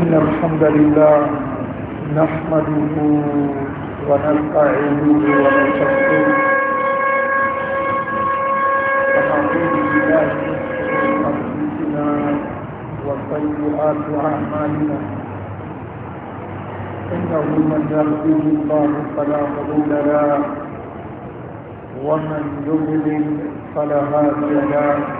إن الحمد لله نحمده ونستعينه ونشكره ونعوذ بالله من أنفسنا وسيئات أعمالنا إنه من يهده الله فلا مضل له ومن يضلل فلا هادي له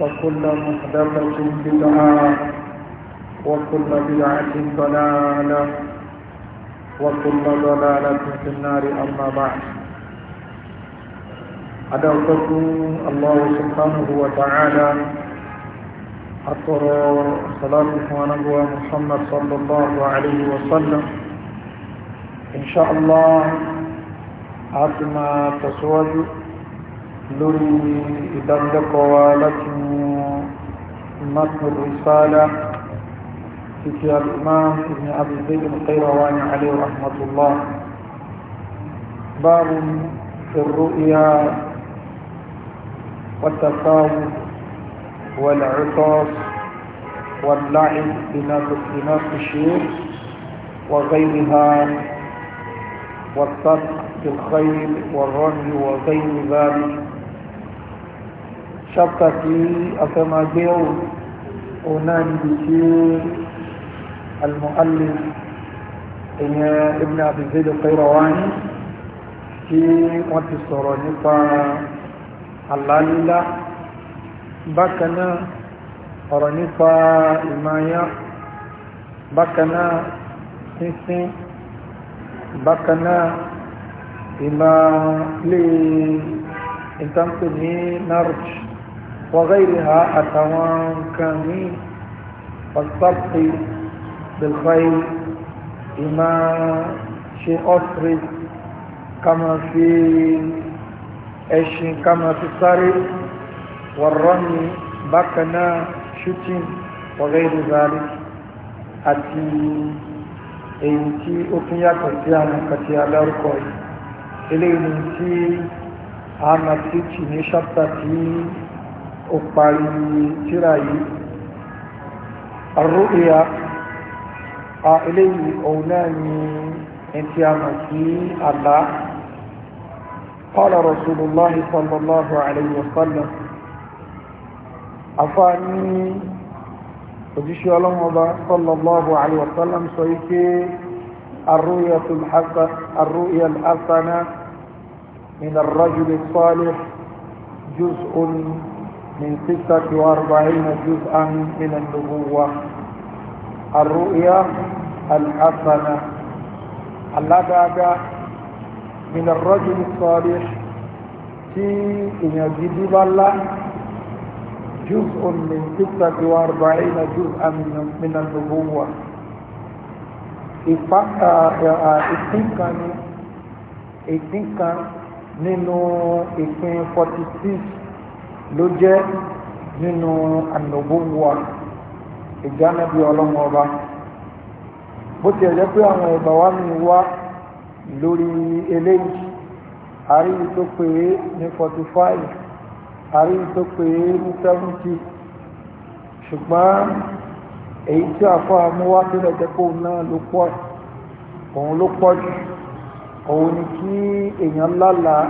وكل محدثة بدعة وكل بدعة ضلالة وكل ضلالة في النار أما بعد أدعوكم الله سبحانه وتعالى أطر صلاة ونبوة محمد صلى الله عليه وسلم إن شاء الله أتما تسواجه لوري دند قوالته مصر رسالة في الإمام ابن أبي زيد القيرواني عليه رحمة الله باب في الرؤيا والتصاوب والعطاس واللعب بنفس الشيوخ وغيرها والصدق بالخير والرمي وغير ذلك ṣáptà tí a fẹ́ máa gbé ọ̀rọ̀ òun náà níbi tí al-mu'allif ìyẹn ibn Abi Zayd al-Qayrawani tí wọ́n ti sọ̀rọ̀ nípa àlálílá bákanáà ọ̀rọ̀ nípa ìmáyá bákanáà sínsín bákanáà ìmá lè ìtànkù ní narj وغيرها أتوان كامي والصبح بالخير إما شيء أسرد كما في ẹṣin kama fi sáré wọ̀rọ̀mí bákaná shooting ọ̀rẹ́ ìrìnàrí àti èyí tí ó tún yàtọ̀ sí àwọn kàtí alárúkọ yìí eléyìí tí a máa ti tì ní ṣáptà tí ó parí tírà yìí arúgbìyà a eléyìí òun náà ni ẹtì àmà sí àlá قال رسول الله صلى الله عليه وسلم أفاني òjíṣẹ́ ọlọ́run ọba sallallahu alaihi wasallam sọ ike arúyà al'asana min arrajul salih juz'un من ستة وأربعين جزءا من النبوة الرؤيا الحسنة اللبعة من الرجل الصالح في إن بالله جزء من ستة وأربعين جزءا من النبوة ìpínkanu nínú ìpín 46 ló jẹ́ nínú ànàbówà ìjánabi ọlọ́run ọba bó ti ẹ̀jẹ́ pé àwọn ẹ̀bà wá mi wá lórí eléyìí àríyí tó pé ní 45 àríyí tó pé ní 70 ṣùgbọ́n èyí tí àfọ́ àmúwá tó lẹ́jẹ́ pé náà ló pọ̀ òun ló pọ̀ jù òun ni kí èèyàn lálàá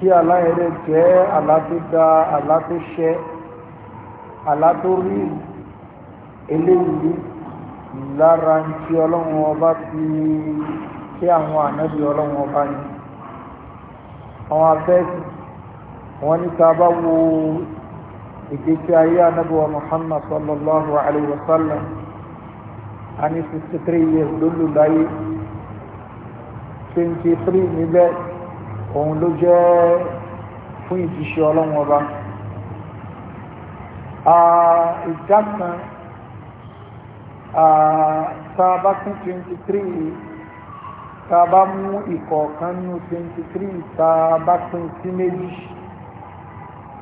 kí aláìrẹ jẹ́ alátúdá alátúṣẹ́ alátórí eléyìí lára ń tí ọlọ́run ọba fi kí àwọn ànábì ọlọ́run ọba ni àwọn afẹ́sì wọ́n ní ta bá wo ìgbésí ayé ànábì wa Muhammad sallallahu alayhi wa sallam a ní 63 years lólùláyé 23 níbẹ̀ òun ló jẹ́ fún ìfiṣẹ́ ọlọ́run ọba ìdá kan a bá kún twenty three a bá mú ìkọ̀ọ̀kan nínú twenty three tá a bá kún sí méjì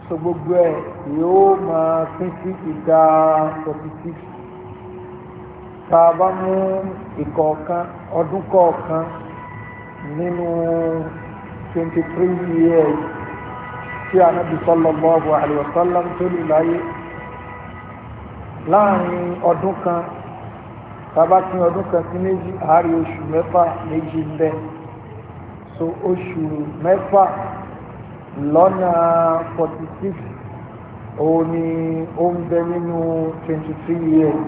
so gbogbo ẹ̀ yóò máa pín sí ìdá forty six mú ìkọ̀ọ̀kan ọdún kọ̀ọ̀kan nínú. 23 three years tí anabi sallallahu alayhi wa sallam tó lù láyé láàrin ọdún kan tabatin ọdún kan sí méjì àárín oṣù mẹ́fà méjì ń bẹ so oṣù mẹ́fà lọ́nà forty six òun ni ó ń bẹ nínú twenty years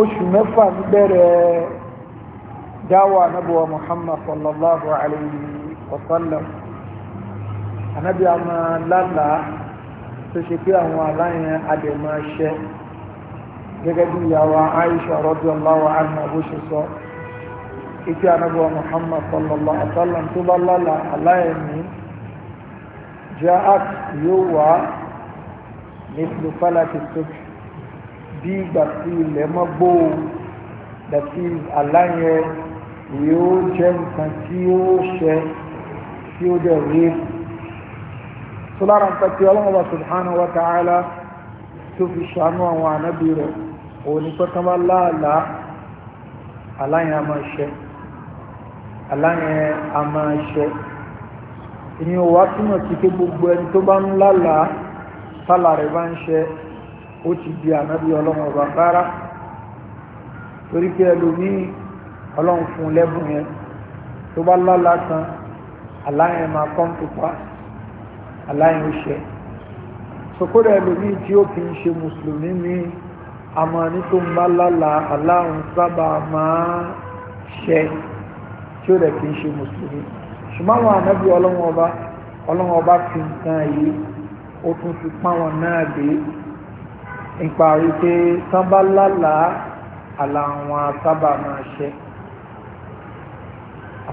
oṣù mẹ́fà ń bẹ̀rẹ̀ dawa nabuwa muhammad sallallahu alayhi wa sallam anabi ama lala tó ṣe pé àwọn aláyẹn adẹ̀mọ́ ṣẹ gẹ́gẹ́ bí ìyàwó aisha radiyallahu anha bó ṣe sọ ìpé anabuwa muhammad sallallahu alayhi wa sallam tó bá lala aláyẹn ní jaat yóò wá nípò fálàkì tó bí ìgbà sí ilẹ̀ that is aláyẹn yóò jẹ́ nǹkan tí ó ṣẹ tí ó dẹ̀ rí tó lára nǹkan tí ọlọ́mọba subhanahu wa ta'ala tó fi ṣàánú àwọn ànábì rẹ̀ òun ni pé kán bá láàlá aláyẹn a máa ṣẹ aláyẹn a ṣẹ ìyẹn ò wá túmọ̀ sí pé gbogbo ẹni tó bá ń lálàá tálà rẹ̀ bá ń ṣẹ ó ti di ànábì ọlọ́mọba rárá torí pé ẹlòmíì ọlọ́run fún lẹ́bùn yẹn tó bá lọ́la tán aláyẹn máa kọ́ tó pa aláyẹn ó ṣe sokodo ẹlòmíì tí ó fi ń ṣe mùsùlùmí mi àmọ́ ní tó ń bá lọ́la aláhùn sábà máa ṣe tí ó rẹ̀ fi ń ṣe mùsùlùmí ṣùgbọ́n àwọn ànábì ọlọ́run ọba ọlọ́run ọba fi nǹkan yìí ó tún fi páwọn náà dé nípa wípé tán bá lọ́la àlà sábà máa ṣe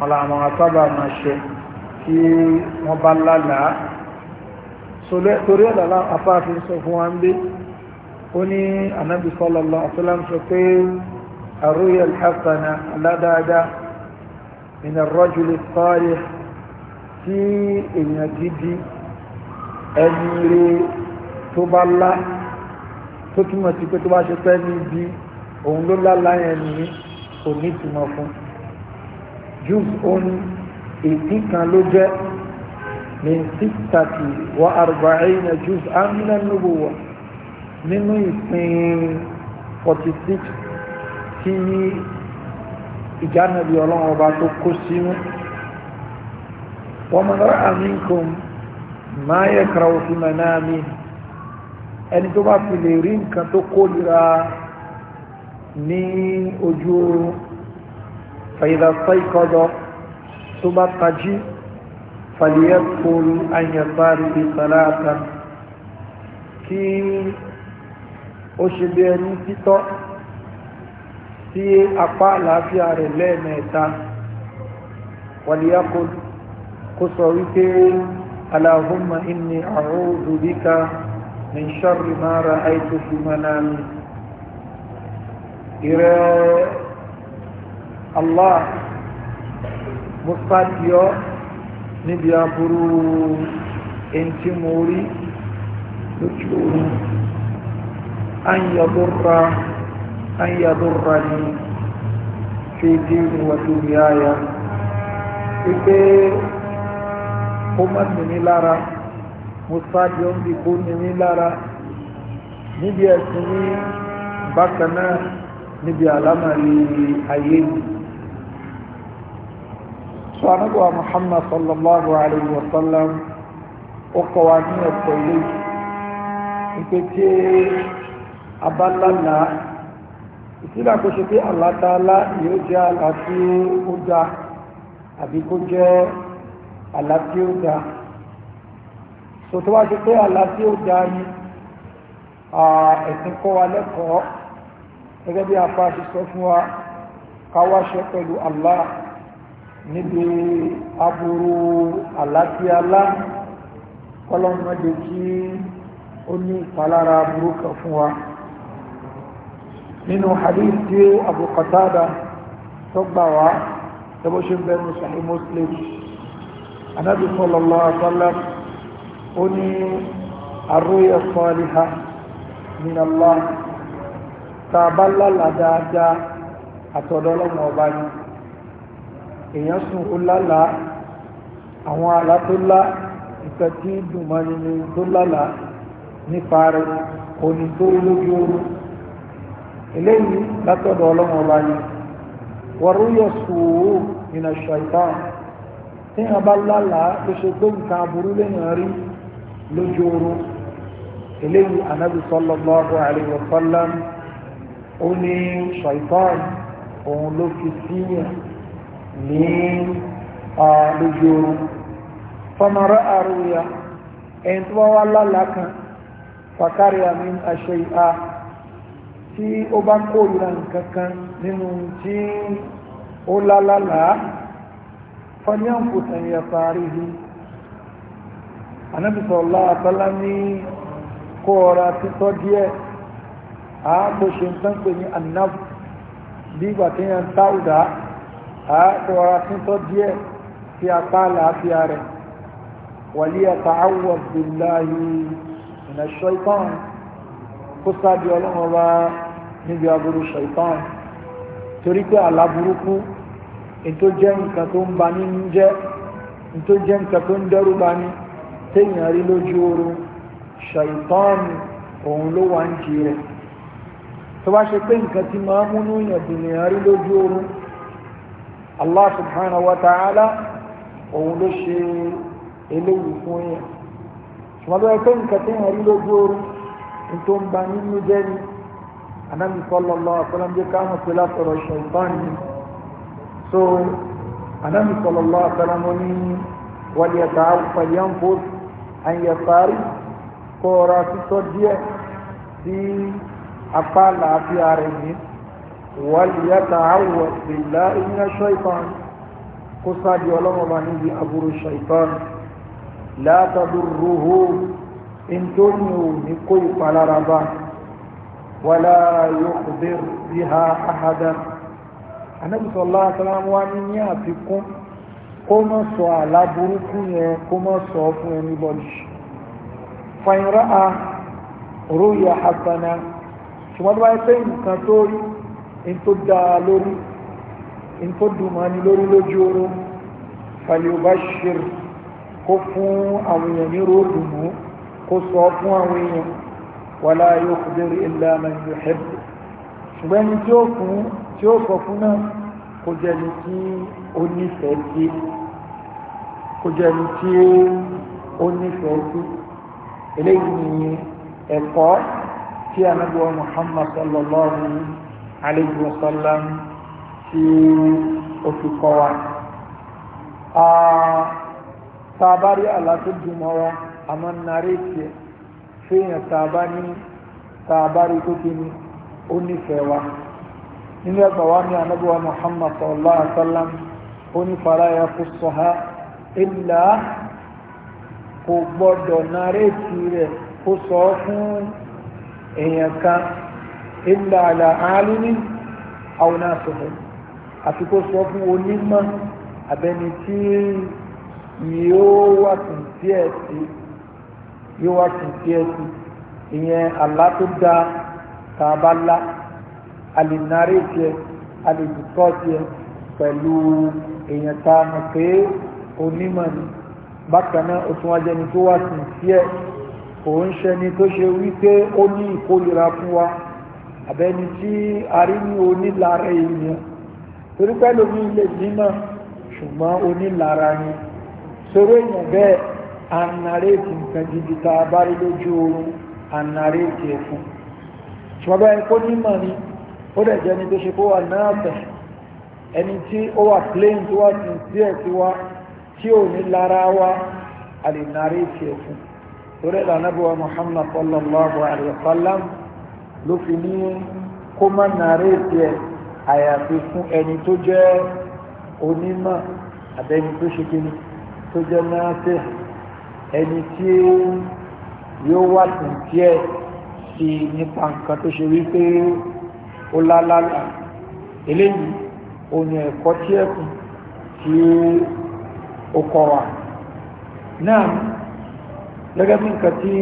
ọ̀làwọn àtàbà máa ṣe kí wọ́n bá lálàá torí ọ̀làlá afáàfin sọ fún wa ń bí ó ní anábì sallallahu alaihi wasallam sọ pé àrúyẹ alhassana aládáadáa min ar-rajul as-salih tí èèyàn gidi ẹni rí tó bá lá tó túmọ̀ sí pé tó bá ṣe pẹ́ ní ibi òun ló lálàá yẹn ní kò ní ìtumọ̀ fún jùs òun ìpín kan ló jẹ́ ní sítàtì wà àrùbáyìnà jùs àmìnà nubuwa nínú ìpín 46 tí ìjánàbí ọlọ́run ọba tó kó sínú wọ́n mọ̀lá àmínkùn máa yẹ kàrà òfin mẹ́ná mi ẹni tó bá fi lè rí nǹkan tó kó lera ní ojú oorun فإذا استيقظ ثم قجي فليذكر عن يساره ثلاثا كي أشبهني تيتو sí apá àlàáfíà rẹ̀ lẹ́ẹ̀mẹ́ta wàlíyàkó kó sọ wípé aláhùnmá inni àrùdù bíka ní ṣọ́rì máa ra àìtòfin mọ́nà mi ìrẹ́ allah mo fàdíọ́ níbi aburú ẹni tí mo rí lójú oorun ayọ̀dọ́ra ayọ̀dọ́ra ni fi dínú wàtí omi àyà wípé ó má mi ní lára mo sáájú ń bí kó ní ní lára níbi ẹ̀sìn ní sọ anábọ̀ muhammad sallallahu alayhi wa sallam ó kọ́ wa ní ẹ̀kọ́ ilé ìpè tí abálàlá ìsílà kó ṣe pé àlátàlá yóò jẹ́ àlá tí ó dá àbí kó jẹ́ àlá ó dá sòtò pé àlá ó dá ní ẹ̀sìn kọ́ wa lẹ́kọ̀ọ́ gẹ́gẹ́ bí apá ṣe sọ fún wa káwáṣẹ́ pẹ̀lú Allah níbi aburú àláfíàlá kọlọ́mọdé kí ó ní ìpalára burúkọ fún wa nínú hadith tí Abu Qatada tó gbà wá tẹ́bó ṣe ń bẹnu Sahih Muslim anábì sallallahu alaihi wasallam ó ní arruya salihah min tàbálà ládáadáa àtọ̀dọ́lọ́mọ̀ ọba yìí èèyàn sùn ó lálàá àwọn ala tó lá nǹkan tí dùnmọ́ni ni tó lálàá nípa rẹ̀ tó lójú oorun eléyìí látọ̀dọ̀ ọlọ́run ọba ni wọ́rúyọ̀ sùúrù nínú ṣàìtàn tí wọ́n bá lálàá tó ṣe pé nǹkan aburú lẹ́yìn rí lójú eléyìí ó ní òun ló fi ní lójú oorun fọmọrọ àrùyà ẹni tó wá lálàá kan fàkàrí àmì àṣẹ ìhà tí ó bá kórìíra nǹkan kan nínú tí ó lálàá fọlẹ́ǹfùtàn yẹ parí yìí anábìsọ̀lá àtọ́lá ní kó ọ̀rá títọ́ díẹ̀ àápò ń tán pè ní anábì àátọ́ ara tún tọ́ díẹ̀ sí apá àlàáfíà rẹ̀ wàlíyàtàáwọ̀ bíláyé ìnàṣọ́ ìtàn kó sáàbí ọlọ́run ọba níbi aburú ṣaitan torí pé aláburúkú ètò jẹ́ nǹkan tó ń ba ní ń jẹ́ ètò jẹ́ nǹkan tó ń dẹ́rù ba ní téèyàn rí lójú oru ṣaitan òun ló wà ń jí rẹ̀ tó bá ṣe pé nǹkan tí máa múnú èèyàn dùn rí lójú oru Allah subhanahu wa ta'ala òun ló ṣe eléyìí fún yẹn ṣùgbọ́n lọ́wọ́ pé nǹkan tí yẹn rí lójú oorun ní tó ń ba nínú jẹ́ ni anábì sallallahu alaihi wasallam jẹ́ káwọn pé látọ̀rọ̀ ṣẹ̀ǹtàn ni so anábì sallallahu alaihi ní wal falyanfur an yasari kọ́ra títọ́ وليتعوذ بالله من الشيطان قصاد يولم ومعنيه أبور الشيطان لا تضره إن تنيو نقوي فلا رضا ولا يخبر بها أحدا النبي صلى الله عليه وسلم ومن يأتكم kó mọ́ sọ àlá burúkú yẹn kó mọ́ sọ fún ẹni bọ́dì fàyínrá a róyà hasana ṣùgbọ́n tó bá yẹ pé nǹkan tó rí in tó dáa lórí in tó dùnmọ́ ni lórí lójú oorun falyubashir kó fún àwọn èèyàn ní ròdùnmú kó sọ fún àwọn èèyàn wala yukhbir illa man yuhib ṣùgbọ́n ni tí ó fún tí ó sọ fún náà kò jẹ́ni tí ó nífẹ̀ẹ́ sí kò jẹ́ni tí ó nífẹ̀ẹ́ sí eléyìí ni ẹ̀kọ́ tí a Muhammad sallallahu alaihi wa sallam alayhi wa sallam tí ó fi kọ́ wa tàbárí àlàtúndùmọ́ wa a máa ń narí tiẹ̀ fẹ́yàn tàbá ní tàbárí tó ti ní ó nífẹ̀ẹ́ wa nínú ẹgbà wa ní anábíwá muhammad sallallahu alaihi ó ní fara ya kó sọ ha ilà kò gbọdọ̀ narí tiẹ̀ kó sọ fún èèyàn kan illa ala alimin aw nasihin àti kó sọ fún onímọ̀ abẹni tí yóò wà tún díẹ̀ sí yóò wà tún díẹ̀ sí ìyẹn àlá tó dá tá a bá tiẹ̀ a tiẹ̀ pẹ̀lú èèyàn tá a mọ̀ pé onímọ̀ ni bákan náà ó tún wá jẹ́ni tó wà tún díẹ̀ kò ń ṣẹni tó ṣe wípé ó ní ìkórira fún wa àbẹ́ni tí a rí ní onílára èèyàn torí pẹ́lú mi lè nímọ̀ ṣùgbọ́n onílára yẹn sọ̀rọ̀ èèyàn bẹ́ẹ̀ anaréètì nǹkan gidi tá a bá rí lójú oorun anaréètì ẹ̀ fún ṣùgbọ́n bẹ́ẹ̀ kó nímọ̀ ni ó dẹ̀ jẹ́ ni tó ṣe kó wà náà bẹ̀ ẹni tí ó wà plain tó wà sincere sí wa tí ò ní lára wa a lè naréètì ẹ̀ fún ìlànà bí wa Muhammad sallallahu alayhi wa sallam ló fi ní kó má nàárẹ̀tì ẹ̀ àyàfi fún ẹni tó jẹ́ onímọ̀ àbẹ́ni tó ṣe kíni tó jẹ́ náàtẹ̀ ẹni tí yóò wà tún díẹ̀ sí nípa nǹkan tó ṣe wípé ó lálálà eléyìí òní ẹ̀kọ́ tí ẹ̀kùn tí ó kọ́ wa náà gẹ́gẹ́ bí nǹkan tí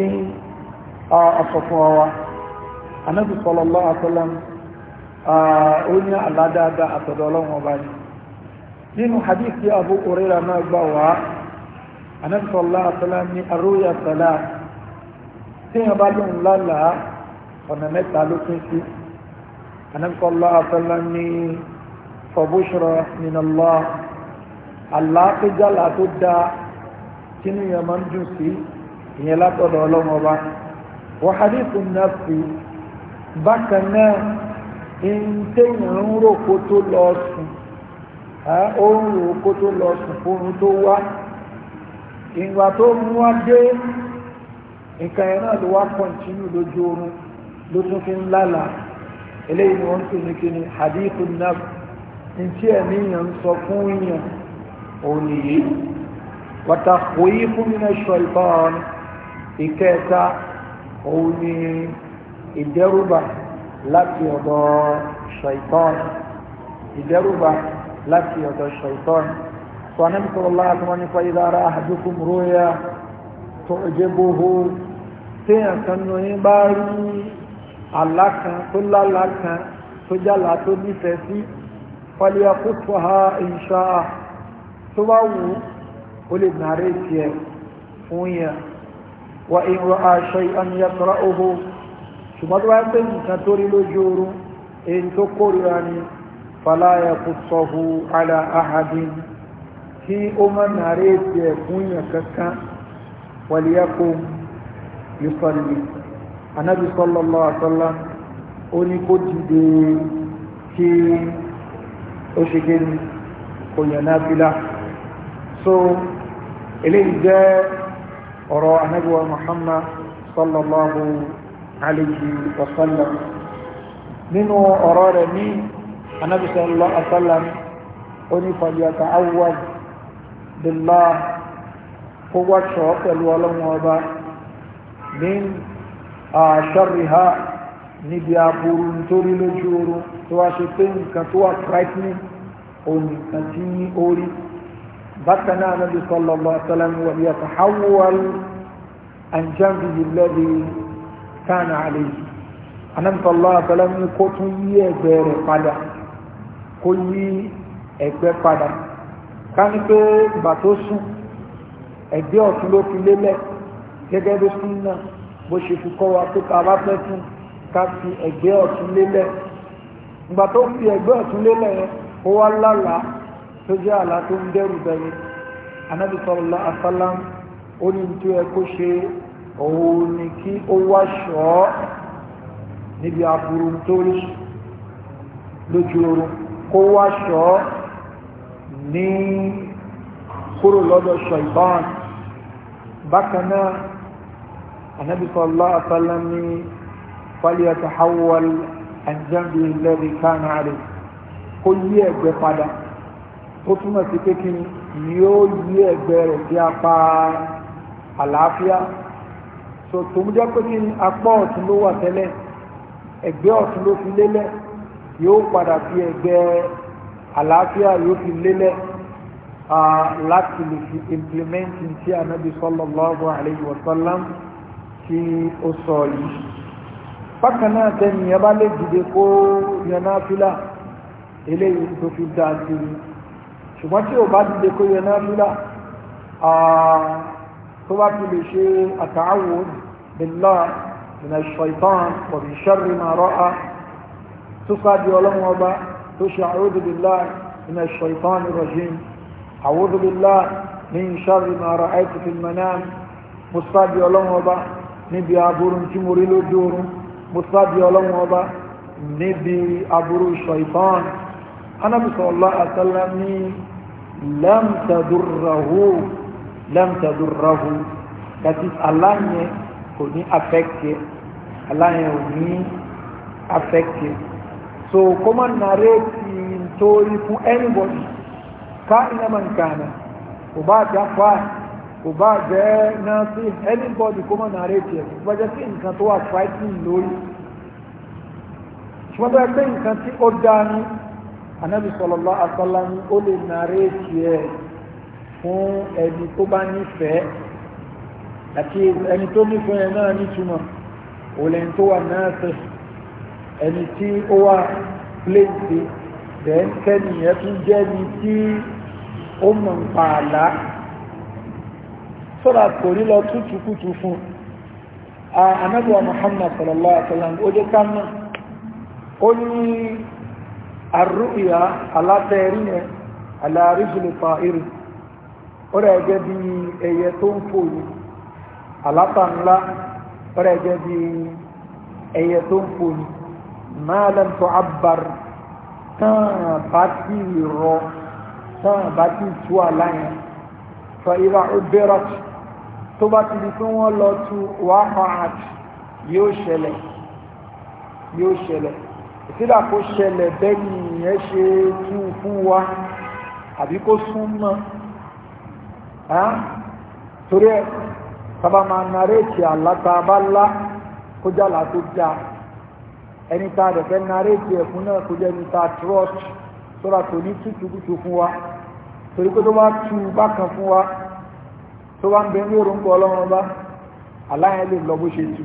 a sọ fún wa anábì sallallahu alaihi wasallam ó ní àládáadá àtọ̀dọ̀ ọlọ́run ọba ni nínú hadith tí abu orira náà gbà wá anábì sallallahu alaihi wasallam ní aróyà sọlá tí wọn bá lóun lálàá ọ̀nà mẹ́ta ló pín sí anábì sallallahu alaihi wasallam ní fọ̀bùṣọ̀rọ̀ minallah àlàáfíjàlá tó dáa tínú yẹn máa ń dùn sí ìyẹn látọ̀dọ̀ ọlọ́run ọba wọ́n hadith náà fi bákan náà ìntẹ́yìn ń rò kó tó lọ sùn ó ń rò kó tó lọ sùn fóorun tó wá ìgbà tó mú wá dé nǹkan ẹ̀ náà ló wá kọ̀ǹtínú lójú oorun ló tún fi ń lálàá eléyìí ni wọ́n ń pè ní kíni hadithu nab ntí ẹ̀mí yẹn ń sọ fún yẹn òun nìyí wàtà kòyí fún mi náà ṣọ ìbọn ìkẹta òun nìyí ìdẹ́rùbà láti ọ̀dọ̀ ṣaitan ìdẹ́rùbà láti ọ̀dọ̀ ṣaitan tó anábì sallallahu alaihi wasallam nípa ìdára ahadukum ruya tu'jibuhu téèyàn kan nù yín bá rí àlá kan tó lálá kan tó jálá tó nífẹ̀ẹ́ sí falyaqutha in sha'a tó bá wù ó lè nàárẹ̀ tiẹ̀ fún yẹn wa in ra'a shay'an yaqra'uhu ṣùgbọ́n tó wáyé pé nǹkan tó rí lójú oorun èyí tó kórìíra ni fàlàyà kò sọ̀hù ala ahadin tí ó mọ̀ nàárẹ̀ ètò ẹ̀kún yàn kankan wàlíyàkó yusalli anabi sallallahu alaihi wasallam eléyìí jẹ́ ọ̀rọ̀ anabi wa muhammad sallallahu عليه وسلم منه أرار مين النبي صلى الله عليه وسلم أني فليتعوذ بالله قوة شوق الولم وبا من شرها níbi aburú nítorí lójú oorun tó wá ṣe pé nǹkan tó wà frightening òun nǹkan tí ní orí bákan náà sallallahu alaihi wasallam wa yatahawwal an jambihi alladhi kana alayhi anamtọ́lá àtọ́lẹ́mú kó tún yí ẹgbẹ́ rẹ̀ padà kó yí ẹgbẹ́ padà ká ní sùn ẹgbẹ́ ọ̀tún ló fi lélẹ̀ gẹ́gẹ́ bí súnà bó ṣe fi kọ́ wa ká fi ẹgbẹ́ ọ̀tún lélẹ̀ ìgbà fi ẹgbẹ́ ọ̀tún lélẹ̀ yẹn ó wá tó jẹ́ àlá tó ń ó òun ni kí ó wá ṣọ́ níbi aburú tó rí lójú oorun kó wá ṣọ́ ní kúrò lọ́dọ̀ ṣaitan bákan náà anabi sallallahu alaihi wasallam ni falyatahawwal an jambi alladhi kó yí ẹ̀gbẹ́ padà ó túmọ̀ sí pé kí ni yóò yí ẹ̀gbẹ́ rẹ̀ sí apá àlàáfíà so tòun jẹ́ pé kí ni apá ọ̀tún ló wà tẹ́lẹ̀ ẹ̀gbẹ́ ọ̀tún ló fi lélẹ̀ yóò padà fi ẹ̀gbẹ́ àlàáfíà yóò fi lélẹ̀ láti lè fi implement tí anabi sallallahu alayhi wa sallam tí ó sọ yìí bákan náà tẹ́ni ẹ bá lè dìde kó yan nàfílà eléyìí tó fi dáa sí i ṣùgbọ́n tí ò bá dìde kó yan tó bá ti lè ṣe àtàwọ̀ bìlá ìnà ṣọ̀ìtàn pọ̀bí ṣẹ́rì máa rọ́á tó sáájú ọlọ́run ọba tó ṣe àwọ́dù bìlá ìnà ṣọ̀ìtàn rọ̀jìn àwọ́dù bìlá ní ṣẹ́rì máa rọ́ àìtì fi mẹ́nàm mo sáájú ọlọ́run ọba níbi aburú tí mo rí lójú oorun mo ọlọ́run ọba níbi aburú ṣọ̀ìtàn anábìsọ̀ àtàlá ní lẹ́mtàdúrà hóò lẹ́mtẹ̀dù rọ́hù that is aláyẹn kò ní affected aláyẹn ò ní affected so kó má nàrètì nítorí fún anybody ká iná mà nkàna kò bá jẹ́ fáì kò bá jẹ́ náà sí anybody kó má nàrètì ẹ̀ e. kó bá jẹ́ sí nǹkan tó wà fighting lórí ṣùgbọ́n bá gbé nǹkan tí ó dání anábì sallallahu alaihi wasallam ó lè nàrètì ẹ̀. E fún ẹni tó bá nífẹ̀ẹ́ àti ẹni tó nífẹ̀ẹ́ yẹn náà nítumọ̀ òlẹ́ni tó wà náà sẹ̀ ẹni tí ó wà pléǹtì tẹ́ẹ̀kẹ́ni yẹn tún jẹ́ ni tí ó mọ̀ ń pa àlá sọ́dà kò rí lọ tútùkútù fún anábíwa Muhammad sallallahu alaihi wasallam ó jẹ́ ká mọ́ ó ní àrùn ìyá alátẹ̀ẹ́rí yẹn alárìjìlẹ̀ pa ó rẹ̀ gẹ́gẹ́ bí ẹyẹ tó ń fò ní àlápá ńlá ó rẹ̀ gẹ́gẹ́ bí ẹyẹ tó ń fò ní máa lẹ́nu tó abar tán bá ti rọ tán bá ti tú àláyàn fa ìlà ọbẹ̀rẹ̀ tó bá ti di pé wọ́n lọ tu wàhálà àti yóò ṣẹlẹ̀ yóò ṣẹlẹ̀ ìsílà kó ṣẹlẹ̀ bẹ́ẹ̀ ni ìyẹn ṣe tú fún wa àbí kó sún ture sabama nare ci Allah ta balla ku jala tuja eni ta de ben nare ci kuna ku je ni ta trot sura ko ni tu tu tu fuwa ture ko do wa tu ba to wa be mi ru ba Allah e le lo she tu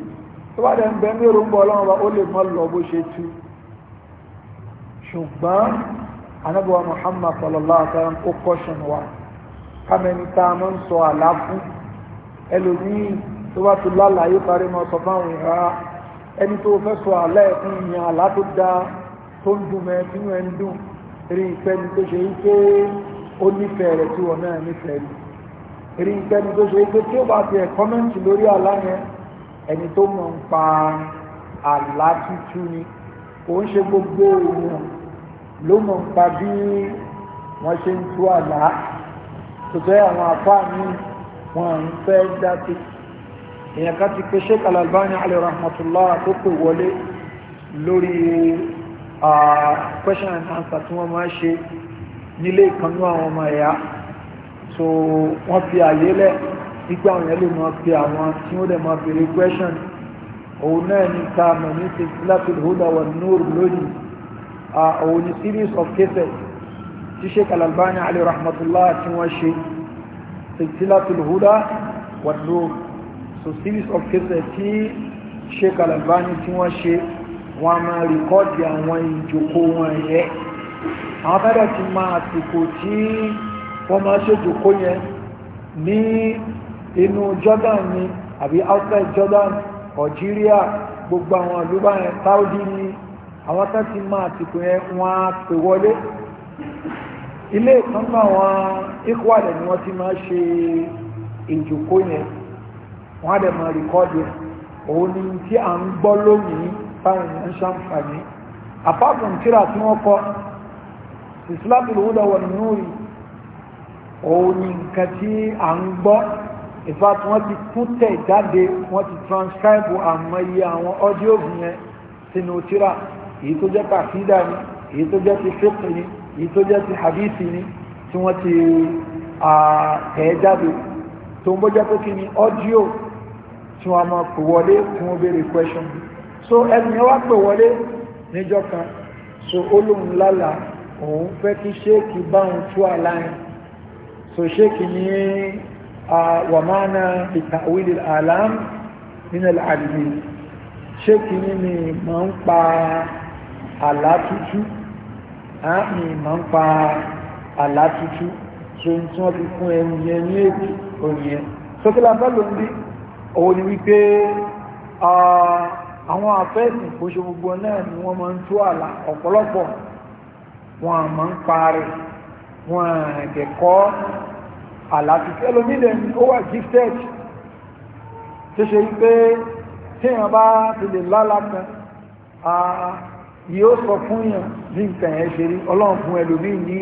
to wa de be mi ru ba o le mo she tu shugba anabuwa muhammad sallallahu alaihi wasallam ko kámẹ́ni tá a máa ń sọ àlá fún ẹlòmíì tó bá ti lálàyé parí máa sọ fáwọn ìhà ah, ẹni tó fẹ́ sọ àlá ẹ̀kún ìyàn àlá tó da tó ń dùn mẹ́ nínú ẹ̀ ń dùn rí ìpẹ́ni tó ṣe wípé ó nífẹ̀ẹ́ rẹ̀ tí wọ́n náà nífẹ̀ẹ́ rí rí ìpẹ́ni tó ṣe wípé tí ó bá ti ẹ̀ kọ́mẹ́ǹtì lórí àlá yẹn ẹni tó mọ̀ ń pa àlá tútù ni kò ń ṣe gbogbo èèyàn ló mọ̀ ń pa bí wọ́n ṣe ń tú àlá ṣùgbẹ́ àwọn àfáà ní wọn ń fẹ́ dáti èèyàn ká ti pé Sheikh Al-Albani alayhi rahmatullah tó pè wọlé lórí question and answer tí wọ́n máa ṣe nílé ìkanú àwọn ọmọ ẹ̀yà so wọ́n fi àyè lẹ̀ nígbà àwọn ẹ̀lẹ́ máa fi àwọn tí wọ́n dẹ̀ máa béèrè question òun náà ní ká mọ̀ ní Silsilatul Huda wan Nur lónìí òun ní series of cases tí sheikh al-albani alayhi rahmatullah tí wọ́n ṣe silsilatul huda wad-nur so series of cases tí sheikh al-albani tí wọ́n ṣe wọ́n máa rìkọ́dì àwọn ìjòkó wọn yẹ àwọn fẹ́rẹ̀ ti máa àsìkò tí wọ́n máa ṣe jòkó yẹn ní inú jordan ni àbí outside jordan algeria gbogbo àwọn àdúgbò saudi ni àwọn fẹ́rẹ̀ ti àsìkò yẹn wọ́n á pè wọlé ilé ìtọ́nà àwọn ikwalẹ̀ ni wọ́n ti máa ṣe ìjòkó yẹn wọ́n á máa rìkọ́dì ẹ̀ òun ni tí a ń gbọ́ lónìí táwọn èèyàn ń ṣàǹfààní àpapọ̀ tíra tí wọ́n kọ́ ìsìláàtì lòun lọ́wọ́ nínú rí òun ni nǹkan tí a ń gbọ́ ìfà tí wọ́n ti kún tẹ̀ jáde wọ́n ti transcribe àmọ́ iye àwọn audio yẹn sínú tíra èyí tó jẹ́ kàfídà ni èyí tó jẹ́ ti fẹ́pẹ̀ ni èyí tó jẹ́ ti hadithi ni tí wọ́n ti tẹ̀ jáde tó ń bọ́jẹ́ pé kí ni ọ́díò tí wọ́n máa pè wọlé tí wọ́n question so ẹni yẹn wá pè wọlé níjọ́ kan so olóhùn lálà òun fẹ́ kí ṣéèkì bá òun tú àlàyé so ṣéèkì ní wàmánà ìtàwílì àlàm nínú àdìmí ṣéèkì ní mi máa ń pa àlá tútù àmì ìmọ̀ ń pa àlá tútú ṣe tí wọ́n ti fún ẹnu yẹn ní èdè òyìn sókèlá bẹ́lò ń bí òun ni wípé àwọn afẹ́sìn kò ṣe gbogbo náà ni wọ́n máa ń tú àlá ọ̀pọ̀lọpọ̀ wọn àmọ́ ń pa rẹ̀ wọn àdẹ̀kọ́ àlá tútú ẹlòmílẹ̀ ni ó wà gifted tó ṣe wípé téèyàn bá ti lè lálá kan yóò sọ fún yàn ní nǹkan ẹ̀ ṣe rí ọlọ́run fún ẹlòmí ní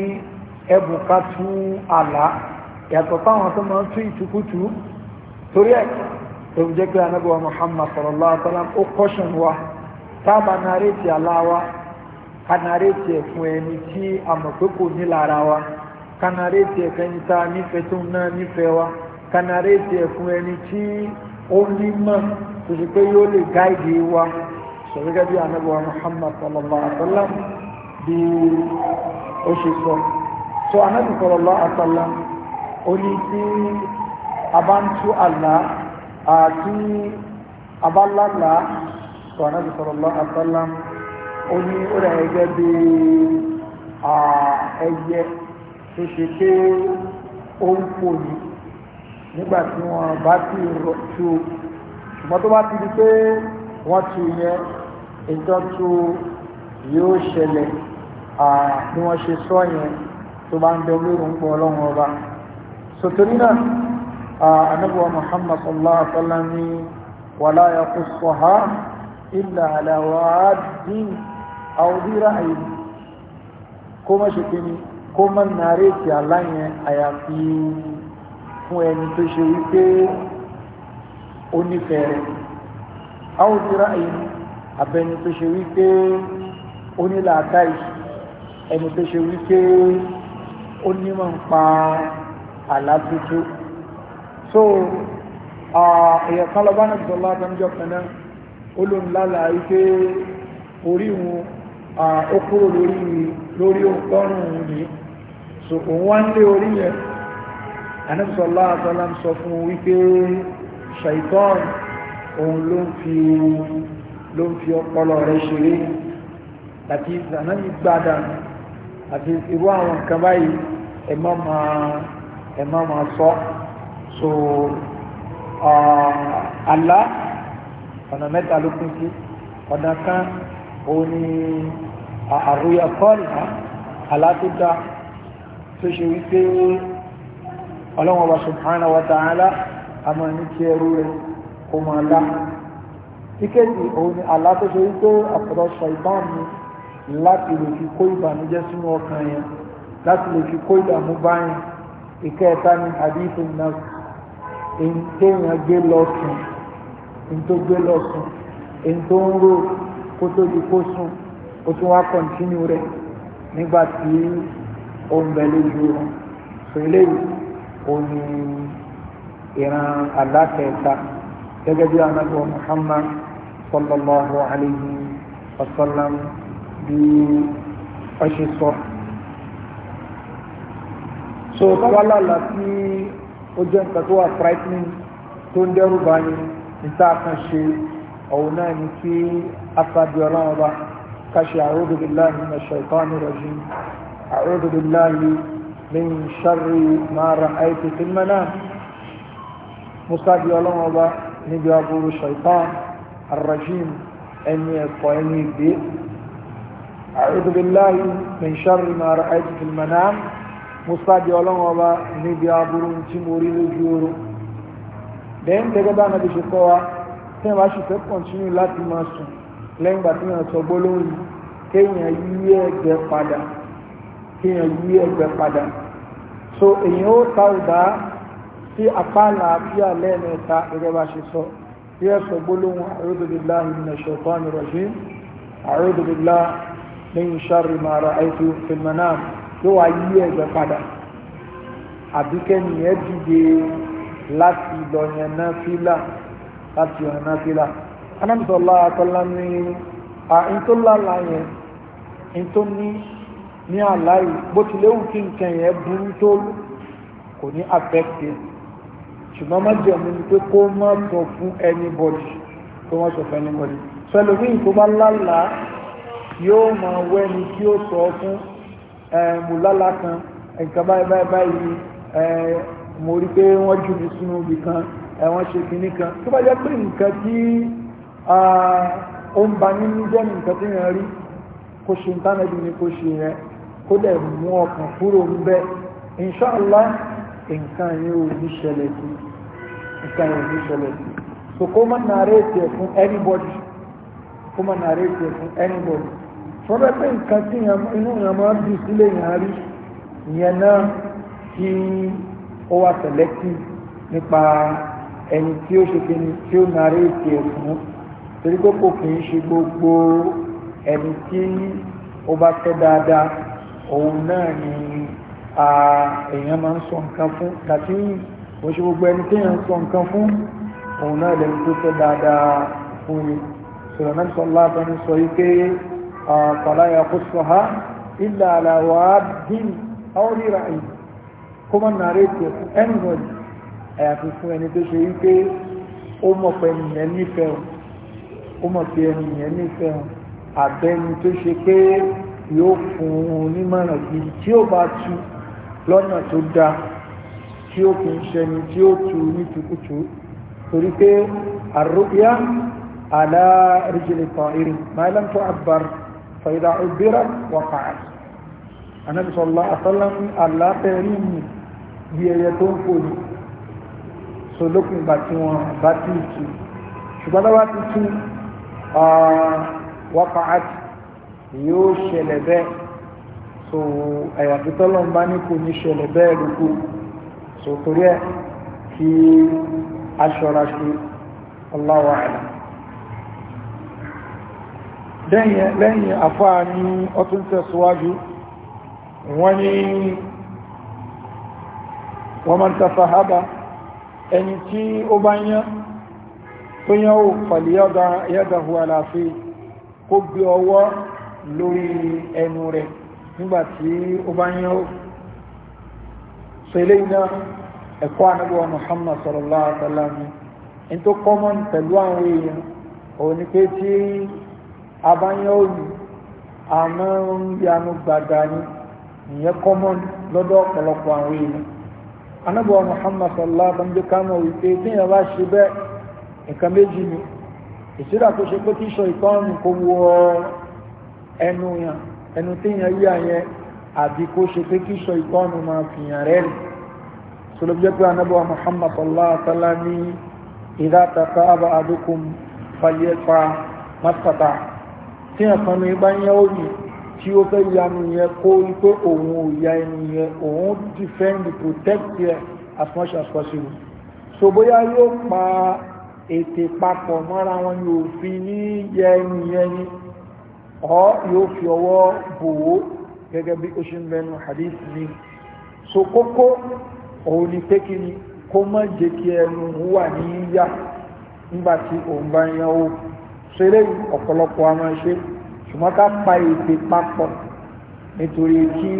ẹbùn ká tú àlá yàtọ̀ táwọn tó máa ń tú torí ẹ̀ tó ń jẹ́ pé Muhammad sallallahu alaihi wa ó kọ́ṣọ̀n wa nàárẹ̀tì àlá wa ká nàárẹ̀tì ẹ̀ ẹni tí a pé kò ní lára wa ká nàárẹ̀tì ẹ̀ tá a nífẹ̀ẹ́ tó wa ká nàárẹ̀tì ẹni tí ó ní mọ̀ wa sọ gẹ́gẹ́ bí anábọ̀ Muhammad sallallahu alaihi wa sallam bí ó ṣe sọ so anábì sallallahu alaihi wa sallam ó ní tí a bá ń tú àlá àti abálàlá so anábì sallallahu alaihi wa ó ní ó rẹ̀ gẹ́gẹ́ bí ẹyẹ tó ṣe pé ó ń fò ní nígbà tí wọ́n bá ti rọ̀ tó ṣùgbọ́n tó bá ti di pé wọ́n ti yẹn ìtọ́jú yóò ṣẹlẹ̀ bí wọ́n ṣe sọ yẹn tó bá ń bẹ lórí ń pọ̀ ọlọ́run ọba sòtòrí náà anábọ̀ muhammad sallallahu alaihi wa sallam ni wàlá yakú sọ̀há ilà àlàwádìí àwòdìrà kó má ṣe kíni kó má nàárẹ̀ tí aláyẹn àyàfi fún ẹni tó ṣe wípé ó nífẹ̀ẹ́ rẹ̀ àwòdìrà àyè abẹni tó ṣe wípé ó ní làákàyè ẹni tó ṣe wípé ó ní mọ̀ ń pa àlá so èèyàn kan lọ bá náà sọ látàmjọ kan náà ó lóun lálàá wípé orí òun ó kúrò lórí lórí ọgọ́rùn òun ni so òun wá ń lé orí yẹn anábìsọ̀lá àtọ́lá ń sọ fún wípé ṣàìtọ́n òun ló ń fi ló ń fi ọpọlọ rẹ̀ ṣeré àti ànábì gbádà àti irú àwọn nǹkan báyìí ẹ má máa ẹ má máa sọ so uh, àlá ọ̀nà mẹ́ta ló pín sí ọ̀nà kan òun ni àrùyà kọ́ọ̀lá àlá tó dáa tó ṣe wípé ọlọ́wọ́n wa subhanahu wa ta'ala a máa ní kí ẹrú rẹ̀ kó máa lá tíkẹ́ẹ̀tì òun ni àlá tó ṣe wípé àpọ̀dọ̀ ṣàìbáàn ni láti lè fi kó ìbànújẹ́ sínú ọkàn yẹn láti lè fi kó ìdààmú báyìí ìkẹta ni àdífò náà èyí téèyàn gbé lọ sùn èyí tó gbé lọ sùn èyí tó ń rò kó tó di kó sùn ó tún wá kọ̀ǹtínú rẹ̀ nígbà tí ó ń bẹ lójú wọn eléyìí ó ní ìran alákẹ̀ẹ́ta gẹ́gẹ́ bí anábọ̀ Muhammad صلى الله عليه وسلم بأشي الصحب so tọ́wálà láti ó jẹ́ nǹkan tó wà frightening tó ń dẹ́rù bá ní níta kan ṣe ọ̀hún náà ní kí afábí ọlọ́run bá káṣe a'udhu billahi minash shaitani rajim a'udhu billahi min sharri ma ra'aytu fil manam musa bí ọlọ́run bá níbi aburú shaitan الرجيم أني أطعمي به أعوذ بالله من شر ما رأيت في المنام مصادي ولن وبا نبي أبرون تموري لجورو دين تجدان بشكوى tẹ́yìn bá ṣùfẹ́ kọ̀ntínú láti máa sùn lẹ́yìn ìgbà tí wọ́n sọ gbólóhùn kéèyàn yí ẹ̀gbẹ́ padà kéèyàn yí ẹ̀gbẹ́ padà so èyàn ó ta ọ̀dá sí apá àlàáfíà lẹ́ẹ̀mẹ́ta gẹ́gẹ́ bá ṣe sọ tí ẹ sọ gbólóhùn a'udhu billahi minash shaitani rajim a'udhu billahi min sharri ma ra'aytu fil manam yóò wá yí ẹgbẹ́ padà àbí kẹ́ni ẹ dìde láti lọ yẹn náà fílà láti yẹn náà fílà anamisọ̀lá akọ́lá ní à ń tó lálàá yẹn ń tó ní ní àlàyé bó tilẹ̀ wù kí nǹkan yẹn burú tó kò ní àfẹ́kẹ́ ṣùgbọ́n má jẹ́ omi ni pé kó má sọ fún anybody kó má sọ fún anybody so ẹlòmíì tó bá lálà yóò máa wẹ́ ni kí ó sọ fún mo lálà kan nǹkan báyìí báyìí báyìí mo rí pé wọ́n jù mí sínú ibì kan wọ́n ṣe kinní kan tó bá jẹ́ pé nǹkan tí ó ń ba nínú jẹ́ nǹkan tí yẹn rí kó ṣe ń tánẹ́bí ni kó ṣe yẹn kó dẹ̀ mú ọkàn kúrò ń bẹ́ẹ̀ inṣáàlá nǹkan yẹn ò ní ṣẹlẹ̀ sí nǹkan yẹn ò ní ṣẹlẹ̀ sí so kó má nàárẹ̀tì ẹ̀ fún anybody kó má nàárẹ̀tì ẹ̀ fún anybody sọ́dọ̀ pé nǹkan tí inú yẹn máa ń bì sílẹ̀ yẹn á rí ìyẹn náà kí ó wà selective nípa ẹni tí ó ṣe kíni tí ó nàárẹ̀tì ẹ̀ fún torí pé kò kì í ṣe gbogbo ẹni tí ó bá fẹ́ dáadáa òun náà ni èèyàn máa ń sọ nǹkan fún tàbí wọ́n ṣe gbogbo ẹni tí èèyàn sọ nǹkan fún òun náà lẹ́nu tó fẹ́ dáadáa fún mi sọ̀rọ̀ náà sọ láàbẹ̀ ní sọ wípé àpàláyà kó sọ ha ilà àlàwà dín àwọn ríra yìí kó má nàárẹ̀ tiẹ̀ fún ẹnìwọ̀n àyàfi fún ẹni tó ṣe wípé ó mọ̀ pé ènìyàn nífẹ̀ẹ́ ó mọ̀ pé ènìyàn nífẹ̀ẹ́ àbẹ́ni tó ṣe pé yóò fún un nímọ̀ràn gidi tí ó bá tu lọ́nà tó dá tí ó kì í ṣẹni tí ó tu ní tukutu torí pé àrùbíà àlá ríjìlì kan irin máìlán tó àbár fàyídà òbíra wà pààl anábìsọ̀lá àtọ́lán àlàáfẹ́rí mi bí ẹyẹ tó ń fò ní so lókun ìgbà tí wọn bá ti tu ṣùgbọ́n lọ́wọ́ ti tu ah, wà yóò ṣẹlẹ̀ bẹ́ẹ̀ so àyàfi tọ́lọ̀ ń bá ní kò ní ṣẹlẹ̀ bẹ́ẹ̀ lóko so torí ẹ̀ kí aṣọra ṣe ọláwà rẹ̀ lẹ́yìn àfáà ní ọtún tẹ̀síwájú wọ́n ní wọ́n máa ń tafa hábà ẹni tí ó bá yán tó yán ó pàlì yádàhù àlàáfíì kó gbé ọwọ́ lórí ẹnu rẹ̀ nígbàtí ó bá yán ó so ilé iná ẹ̀kọ́ anábíwá muhammad sallallahu alaihi wasallam sallam ní tó common pẹ̀lú àwọn èèyàn òun ni pé tí a bá yán ó ní àmọ́ ń yanu gbàgbà ni ìyẹn common lọ́dọ̀ ọ̀pọ̀lọpọ̀ àwọn èèyàn anábíwá muhammad sallallahu alaihi wasallam sallam jẹ́ ká mọ̀ wípé tí èèyàn bá ṣe bẹ́ẹ̀ nǹkan méjì ni ìṣúra tó ṣe pé tíṣọ ìtọ́rùn ẹnu yàn ẹnu tí yẹn yí àyẹn àbí kó ṣe pé kí sọ ìtọ́nu máa fi hàn rẹ̀ rí sọlọ́jẹ́ pé anábọ́wà muhammad sallallahu alaihi wa sallam ní ìdátaka àbá àdókùn fàyẹ́fà mọ́tàtà tí yẹn kan ní bá yẹn ó yìí tí ó fẹ́ yanu yẹn kó wípé òun ò ya ẹnu yẹn òun defend protect yẹn as much as possible so bóyá yóò pa ètè papọ̀ mọ́ra wọn yóò fi ní yẹ ẹnu yẹn ni ọ yóò fi ọwọ́ bòó gẹ́gẹ́ bí ó ṣe ń bẹnu hadith ni so kókó òun ni pé kí ni kó mọ́ jẹ́ kí ẹnu wà ní yíyá nígbà tí òun bá yan ó ṣe léyìn ọ̀pọ̀lọpọ̀ a máa ṣe ṣùgbọ́n ká pa èdè papọ̀ nítorí kí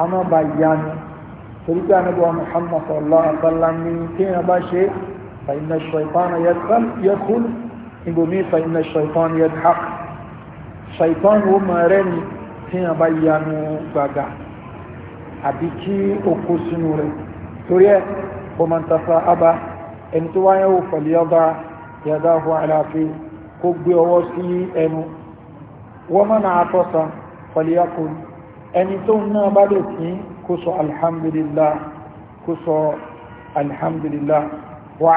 a má ba yanu torí pé anábọ̀ Muhammad sallallahu alaihi wa sallam ní kí bá ṣe fa inna shaytana yadkhul ibòmí fa inna shaytana yadhaq ṣàìtàn ó mọ rẹ ni tí wọn bá yanu gbàgà àbí kí o kó sínú rẹ torí ẹ bọmọntàfà àbá ẹni tó wáyé wò pẹ̀lú ọba yàrá ọhún àlàáfíà kó gbé ọwọ́ sí ẹnu wọ́n mọ́ na àtọ́sà pẹ̀lú ọkùn ẹni tó náà bá lè tí kó sọ alhamdulillah wà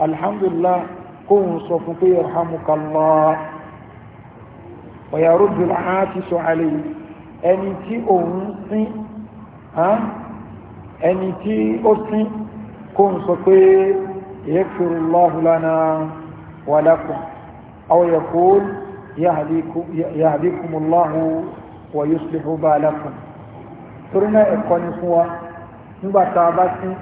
alhamdulillah kóhun sọ fún pé yarhamukallah wa yaruddu al-aatisu alayhi ẹni tí òun sín ẹni tí ó sín kóhun sọ pé yaghfirullahu lana wa lakum aw yaqul yahdikumullahu wa yuslihu balakum torí náà ẹ̀kọ́ ni fún wa nígbàtà bá sín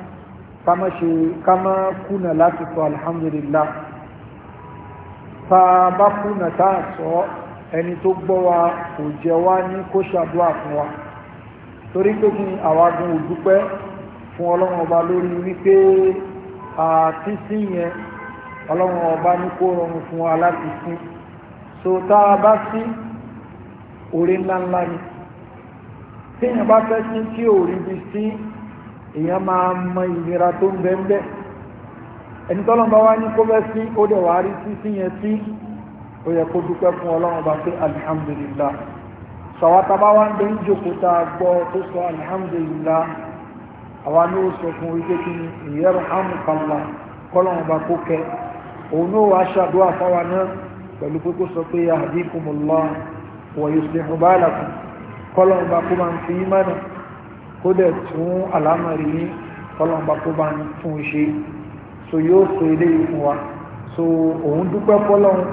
kama ṣe kama kuna láti sọ alhamdulillah ta bá kuna ta sọ ẹni tó gbọ́ wa kò jẹ wá ní kó ṣàdúrà fún wa torí pé kí àwagun ò dúpẹ́ fún ọlọ́run ọba lórí wípé àtisí yẹn ọlọ́run ọba ní kó rọrùn fún wa láti sí so tá a bá sí orí ńláńlá ni téèyàn bá fẹ́ sí tí ò rí bí sí èèyàn máa mọ ìnira tó ń bẹ́ńbẹ́ ẹni tọ́lọ́mbà wá ní kó bẹ́ sí ó dẹ̀ wá rí sí sí yẹn sí ó yẹ kó dúpẹ́ fún ọlọ́run bá pé alihamdulilá sọ̀wátàbá wá ń bẹ ń jòkó tá a gbọ́ tó sọ alihamdulilá àwa ní ó sọ fún wípé kí ni ìyẹ́rù hàmùkànlá kọ́lọ́run bá kó kẹ òun ó wá ṣàdúrà fáwa náà pẹ̀lú pé kó sọ pé yahdikumullah wa yuslihu balakum kọ́lọ́run bá kó máa ń fi í mánà kó dẹ̀ tún àlámọ̀rí yín kọ́lọ́mbà kó bá ń tún ṣe so yóò sọ eléyìí fún wa so òun dúpẹ́ fọ́lọ́hún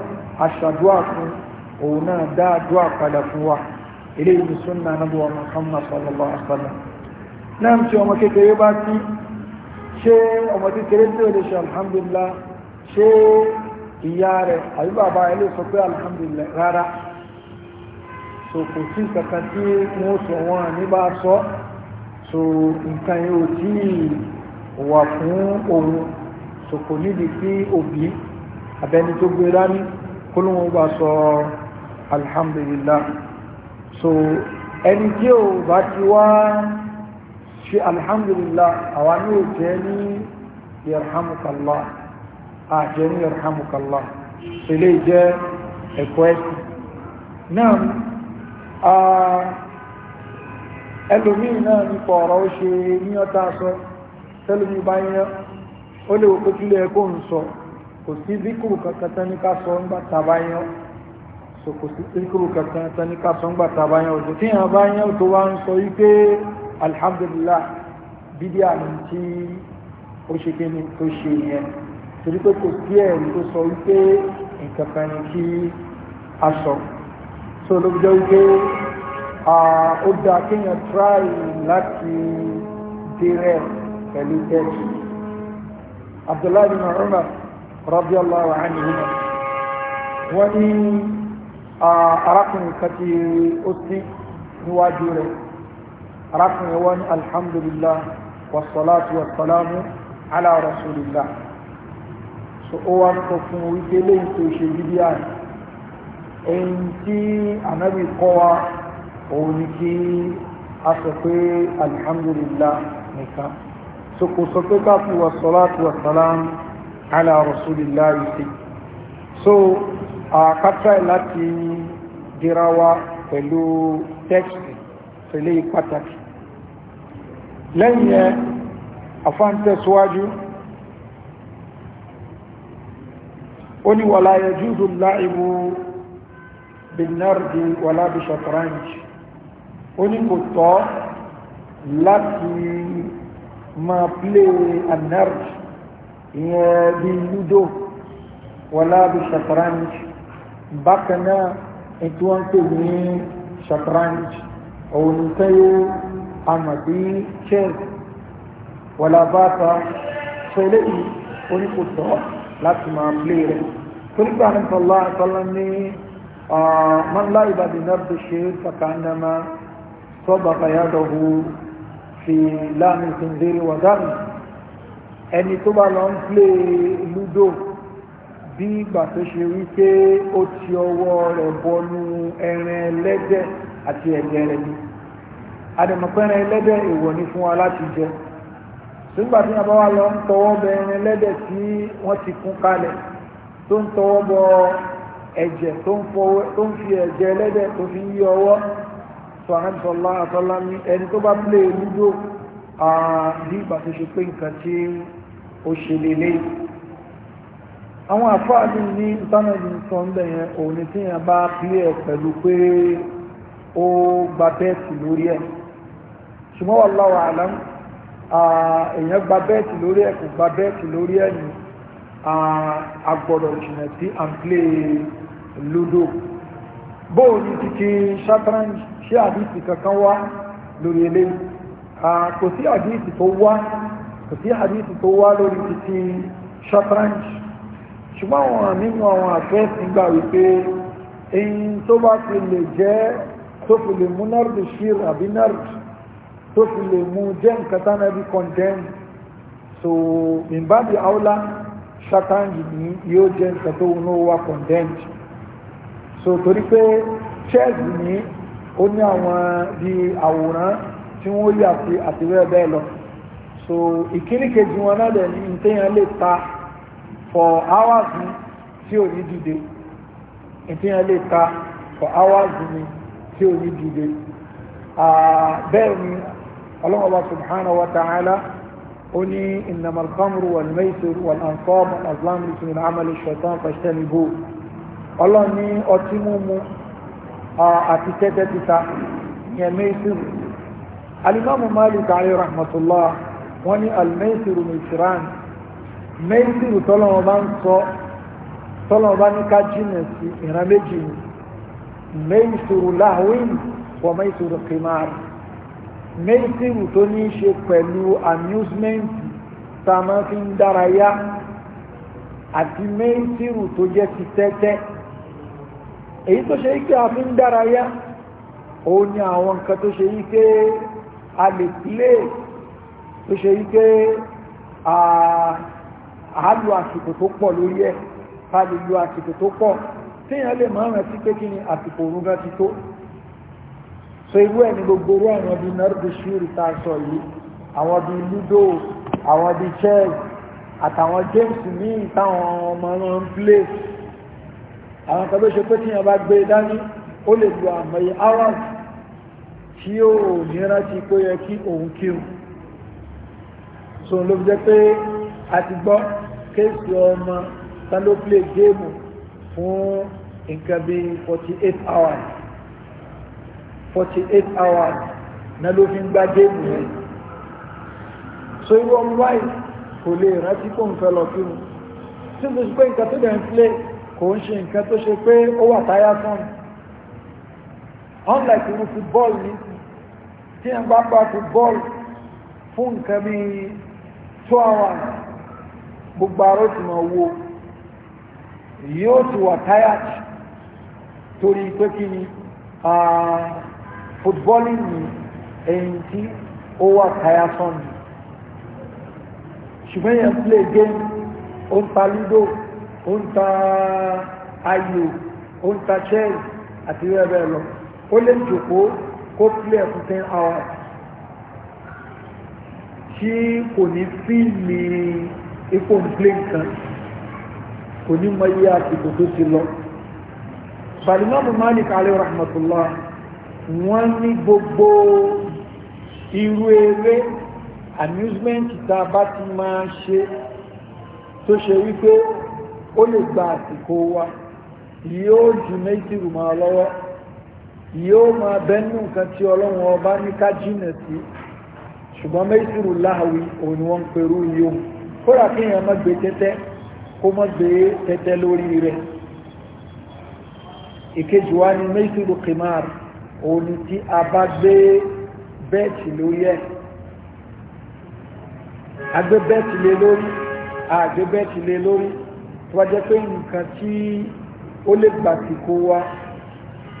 aṣàdúà fún òun náà dá àdúà padà fún wa eléyìí ní súnà anábíwá Muhammad sallallahu alaihi wa sallam náà tí ọmọ kékeré bá ní ṣé ọmọ kékeré tí ó lè ṣe alhamdulillah ṣé ìyá rẹ̀ àbí bàbá ẹ sọ pé alhamdulillah rárá so kò sí kankan tí wọ́n sọ wọn ní bá so nǹkan yẹn ò tí wà fún òun so kò nídìí sí òbí abẹni tó gbé dání kó ló wọn bá sọ alhamdulillah so ẹni tí ò bá ti wá ṣe alhamdulillah àwa ní òjẹ́ ní yarhamukallah àjẹ́ ní yarhamukallah ilé jẹ́ ẹ̀kọ́ ẹ̀sìn náà ẹlòmíì náà nípa ọ̀rọ̀ ó ṣe ní ọta sọ tẹ́lómi bá yán ó lè wò pé kílẹ̀ ẹ̀kọ́ ń sọ kò sí díkùrù kankan tán ní ká sọ ńgbà tàbá yán so kò sí díkùrù kankan tán ní ká sọ tàbá yán òjò tí yàn bá yán tó wá ń sọ yí alhamdulillah bídí àmì tí ó ṣe kí ni tó ṣe yẹn torí pé kò sí ẹ̀rí tó sọ wípé nǹkan kan ni kí a sọ so ló jẹ́ wípé Ah, ó dáa kéèyàn tíráì láti dérẹ̀ pẹ̀lú tẹ́ẹ̀kì abdullahi bin umar radiyallahu anhu wọ́n ní ah, arákùnrin kan tí ó sí níwájú rẹ̀ arákùnrin wọn ní alhamdulillah wasalatu wasalamu ala rasulillah so ó wá ń fún wípé lẹ́yìn tó ṣe bíbí àná èyí tí ànábì kọ́ wa òun ni kí a sọ pé alhamdulillah nìkan so kò sọ pé ká fi wà sọ́látù wà sàlám ala rasulillah yìí so àkátà láti dira wa pẹ̀lú tẹ́kìtì pẹ̀lú pàtàkì lẹ́yìn ẹ afáǹtẹ̀síwájú ó ní wàlá yajuzu láìwò bin nardi wàlá bí ó ní kò tọ́ láti máa plé anarj ìyẹn bí ludo wọlá bí shatranj bákan náà ètò wọn pè ní shatranj òun tẹ́yẹ àmàbí chess wọlá bàtà sọlẹ́ yìí ó ní kò tọ́ láti máa plé rẹ̀ torí pé àrùn ní ah, man bàbí náà tó máa صبغ يده في لام الخنزير ودم ẹni tó bá lọ ń plé lúdò bí ìgbà tó ṣe wí pé ó ti ọwọ́ rẹ̀ bọnú ẹran ẹlẹ́dẹ̀ àti ẹ̀jẹ̀ rẹ̀ ni adẹ̀mọ̀pẹ́ran ẹlẹ́dẹ̀ èèwọ̀ ni fún wa láti jẹ nígbà tí wọn bá wà lọ ń tọwọ́ bọ ẹran ẹlẹ́dẹ̀ tí wọ́n ti kún kalẹ̀ tó ń tọwọ́ bọ ẹ̀jẹ̀ tó ń fi ẹ̀jẹ̀ ẹlẹ́dẹ̀ tó fi ń yí ọwọ́ sọ̀hánṣọ́lá àtọ́lá ní ẹni tó bá plé e lúdó bí ìgbà tó ṣe pé nǹkan tí ó ṣe lélé àwọn àfáàlì ní ìtànàjì sọ ń bẹ̀yẹn òní tí yẹn bá plé ẹ̀ pẹ̀lú pé ó gba bẹ́ẹ̀tì lórí ẹ̀ ṣùgbọ́n wà láwà àlám èèyàn gba bẹ́ẹ̀tì lórí ẹ̀ kò gba bẹ́ẹ̀tì lórí ẹ̀ ní agbọ́dọ̀ jìnà sí à ń plé lúdó bóòlù títí shatranj ṣé àdíìsì kankan wá lórí eléyìí kò sí àdíìsì tó wá kò sí àdíìsì tó wá lórí títí shatranj ṣùgbọ́n àwọn nínú àwọn àfẹ́sìn gbà wípé èyí tó bá ti lè jẹ́ tó fi lè mú nard shir àbí nard tó fi lè mú jẹ́ nǹkan tánà bí condemn so ìbádi aula shatranj ni yóò jẹ́ nǹkan tó wọnú wa condemn so torí pé chess ní ó ní àwọn bí àwòrán tí wọ́n yà sí àti bẹ́ẹ̀ lọ so ìkíní kejì wọn náà dẹ̀ ní ìtẹ́yàn lè ta for hours ni tí ò ní dìde ìtẹ́yàn lè ta for hours ni tí ò ní dìde bẹ́ẹ̀ ni ọlọ́mọba subhanahu wa ta'ala ó ní innamal khamru wal maisiru wal ansab wal azlam rijsun min amali shaitan fajtanibuhu ọlọ́ni ọtí mímu àti tẹ́tẹ́ títa ìyẹn mẹ́sìrù alimami malik alayhi rahmatullah wọ́n ní alimẹ́sìrù mẹ́sìrán mẹ́sìrù tọ́lọ́wọ́n bá ń sọ tọ́lọ́wọ́n bá ní ká jìnà sí ìran méjì ni mẹ́sìrù láhùn wọ mẹ́sìrù qimar mẹ́sìrù tó ní í ṣe pẹ̀lú amusement tá a máa fi ń dárayá àti mẹ́sìrù tó jẹ́ ti tẹ́tẹ́ èyí tó ṣe ike àfi ń dárayá òun ni àwọn nǹkan tó ṣe ike a lè pílé tó ṣe ike àálù àsìkò tó pọ̀ lórí ẹ̀ ká lè lo àsìkò tó pọ̀ téèyàn lè máa rántí pé kí ni àsìkò òun gan ti tó so irú ẹni gbogbo orú àwọn bíi nọ́ọ̀dù ṣúrì tá a sọ yìí àwọn bíi ludo àwọn bíi chess àtàwọn james míì táwọn ọmọ wọn ń play àwọn kan tó ṣe pé tíyàn bá gbé dání ó lè lo àmọ̀yé arab tí ó ní rántí pé yẹ kí òun kírun so ló fi jẹ́ pé a ti gbọ́ kéèsì ọmọ tán play géèmù fún nǹkan bí 48 hours 48 hours na ló fi ń gbá géèmù rẹ̀ so irú ọmọ wáyé kò lè rántí pé òun fẹ́ lọ kírun tí ó fi pé nǹkan tó dẹ̀ ń play kò ń ṣe nǹkan tó ṣe pé ó wà táyà sàn unlike irú fútbọ́ọ̀lù ní tí wọ́n bá gba fútbọ́ọ̀lù fún nǹkan bí two hours gbogbo àárọ̀ tí wọ́n wo yóò ti wà táyà torí pé kí ni fútbọ́ọ̀lù ní ẹ̀yìn tí ó wà táyà sàn ṣùgbọ́n yẹn play game ó ń ta ó ń ta ayò ó ń ta chess àti bẹ́ẹ̀ bẹ́ẹ̀ lọ ó lè jòkó kó play fún ten hours tí kò ní fíìmì ipò nǹkan kò ní mọ iye àsìkò tó ti lọ balimamu malik alayhi rahmatullah wọ́n ní gbogbo irú eré amusement tá a bá ti máa ṣe tó ṣe wípé ó lè gba àsìkò wa yóò ju méjì rù máa lọ́wọ́ yóò máa bẹ́nu nǹkan tí ọlọ́run ọba ní ká jìnà sí ṣùgbọ́n méjì rù láàwí òun ni wọ́n ń perú yóò kódà kí èèyàn má gbé tẹ́tẹ́ kó má gbé tẹ́tẹ́ lórí rẹ̀ ìkejì wa ni méjì rù kìmáàrù òun ni tí a bá gbé bẹ́ẹ̀tì lórí ẹ̀ agbé bẹ́ẹ̀tì lé lórí àgbé bẹ́ẹ̀tì lé lórí tó bá jẹ́ pé nǹkan tí ó lè gbà sí kó wá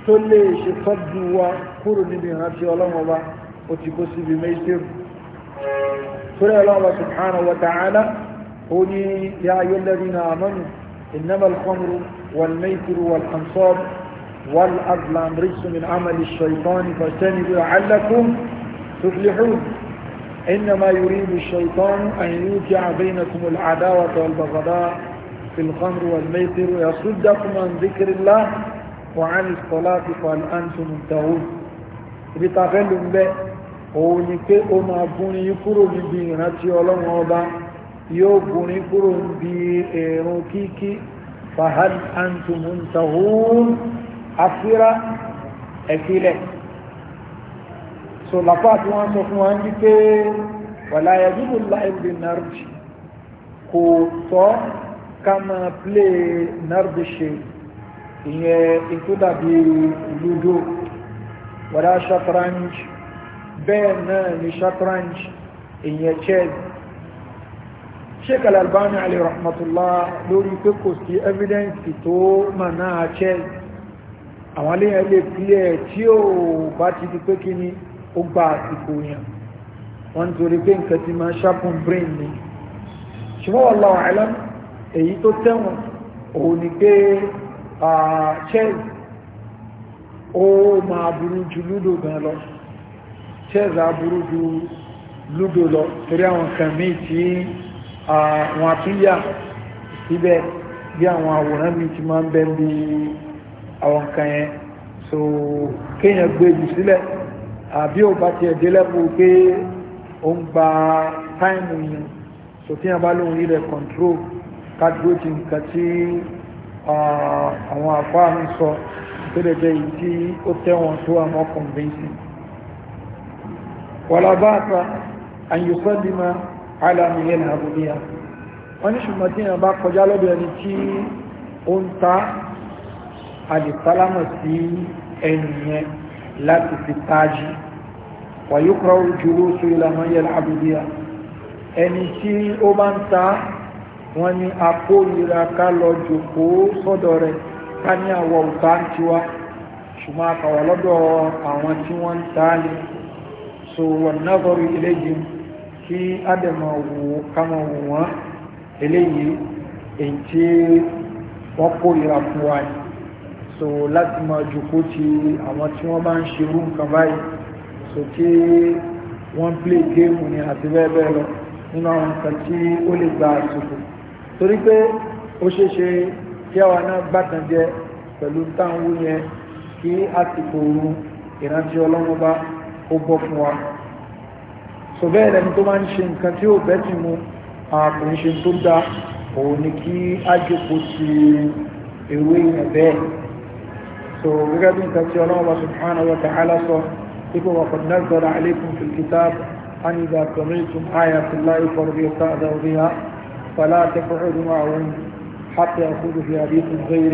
tó lè ṣe tọ́jú wa kúrò níbi ìrántí ọlọ́run ọba ó ti kó síbi méjìlélù torí ọlọ́run ọba subhanahu wa ó ní ya ayyuhal ladhina amanu innamal khamru wal maysiru wal ansab wal azlam min amali في الخمر والميسر ويصدكم عن ذكر الله وعن الصلاة فالأنتم أنتم منتهون به ta fẹ́ ló ń bẹ́ òun ni pé ó máa gúnni yín kúrò níbi ìrántí ọlọ́run ọba yóò gúnni kúrò níbi ẹ̀rùn kíkí fahal antum afira ẹ̀fílẹ̀ so làpá tí wọ́n sọ fún wa ń bí pé bíbélà ẹ̀bùn kò tọ́ ká máa plé nardishe ìyẹn ètò dàbí ludo wàdá shatranj bẹ́ẹ̀ náà ni shatranj ìyẹn chess sheikh al-albani alayhi rahmatullah lórí pé kò sí evidence tó mà náà chess àwọn aléyàn lè pílẹ̀ tí ó bá ti di pé kí ni ó gba àsìkò yẹn wọ́n torí pé nǹkan ti máa sharpen brain ni ṣùgbọ́n wallahu alam èyí tó tẹ́wọ̀n òun ni pé chess ó máa burú ju lúdò gan lọ chess a burú ju lúdò lọ torí àwọn kan míì tí àwọn àtúnyà síbẹ̀ bí àwọn àwòrán míì ti máa ń bẹ́ bí àwọn kan yẹn so kéèyàn gbé jù sílẹ̀ àbí ò bá ti ẹ̀dẹ́ lẹ́bù pé ó ń gba táìmù yẹn so tí a bá lóun rí control kádúró ti nǹkan tí àwọn àfáà ń sọ tó lè jẹ́ èyí tí ó tẹ́wọ̀n tó àmọ́ kọ̀ǹbẹ́sì wàlá bá ta àyùsọ́dìmọ̀ alàmìyàn àbúdíyà wọ́n ní ṣùgbọ́n tí èèyàn bá kọjá lọ́dọ̀ ẹni tí ó ń ta wọ́n ní apóyira ká lọ jòkó sọ́dọ̀ rẹ̀ ká ní àwọ̀ òta ń tiwa ṣùgbọ́n akàwà lọ́dọ̀ àwọn tí wọ́n ń ta so wọ́n náà sọ́rọ̀ eléyìí kí ádẹ̀mọ̀ wò kámọ̀ wò wọ́n eléyìí èyí tí wọ́n kórira fún wa ni so láti máa jòkó ti àwọn tí wọ́n máa ń ṣerú nǹkan báyìí so tí wọ́n ń play game ni àti bẹ́ẹ̀ bẹ́ẹ̀ lọ nínú àwọn nǹkan tí ó lè gba àsìkò torí pé ó ṣe ṣe kí àwa náà gbàtàn jẹ pẹ̀lú táwọn yẹn kí àsìkò oorun ìrántí ọlọ́run bá ó bọ́ fún wa so bẹ́ẹ̀ lẹni tó máa ń ṣe nǹkan tí ó bẹ́ ti mu ààbò ń ṣe tó dá òun ni kí ájòkó ti ewé yẹn bẹ́ẹ̀ so gẹ́gẹ́ bí nǹkan tí ọlọ́run bá subhanahu wa ta'ala sọ ipò wa qad nazzala alaykum fil kitab an idha sami'tum ayati llahi farbiya ta'dhu biha فلا تقعدوا معهم حتى يقولوا في حديث غير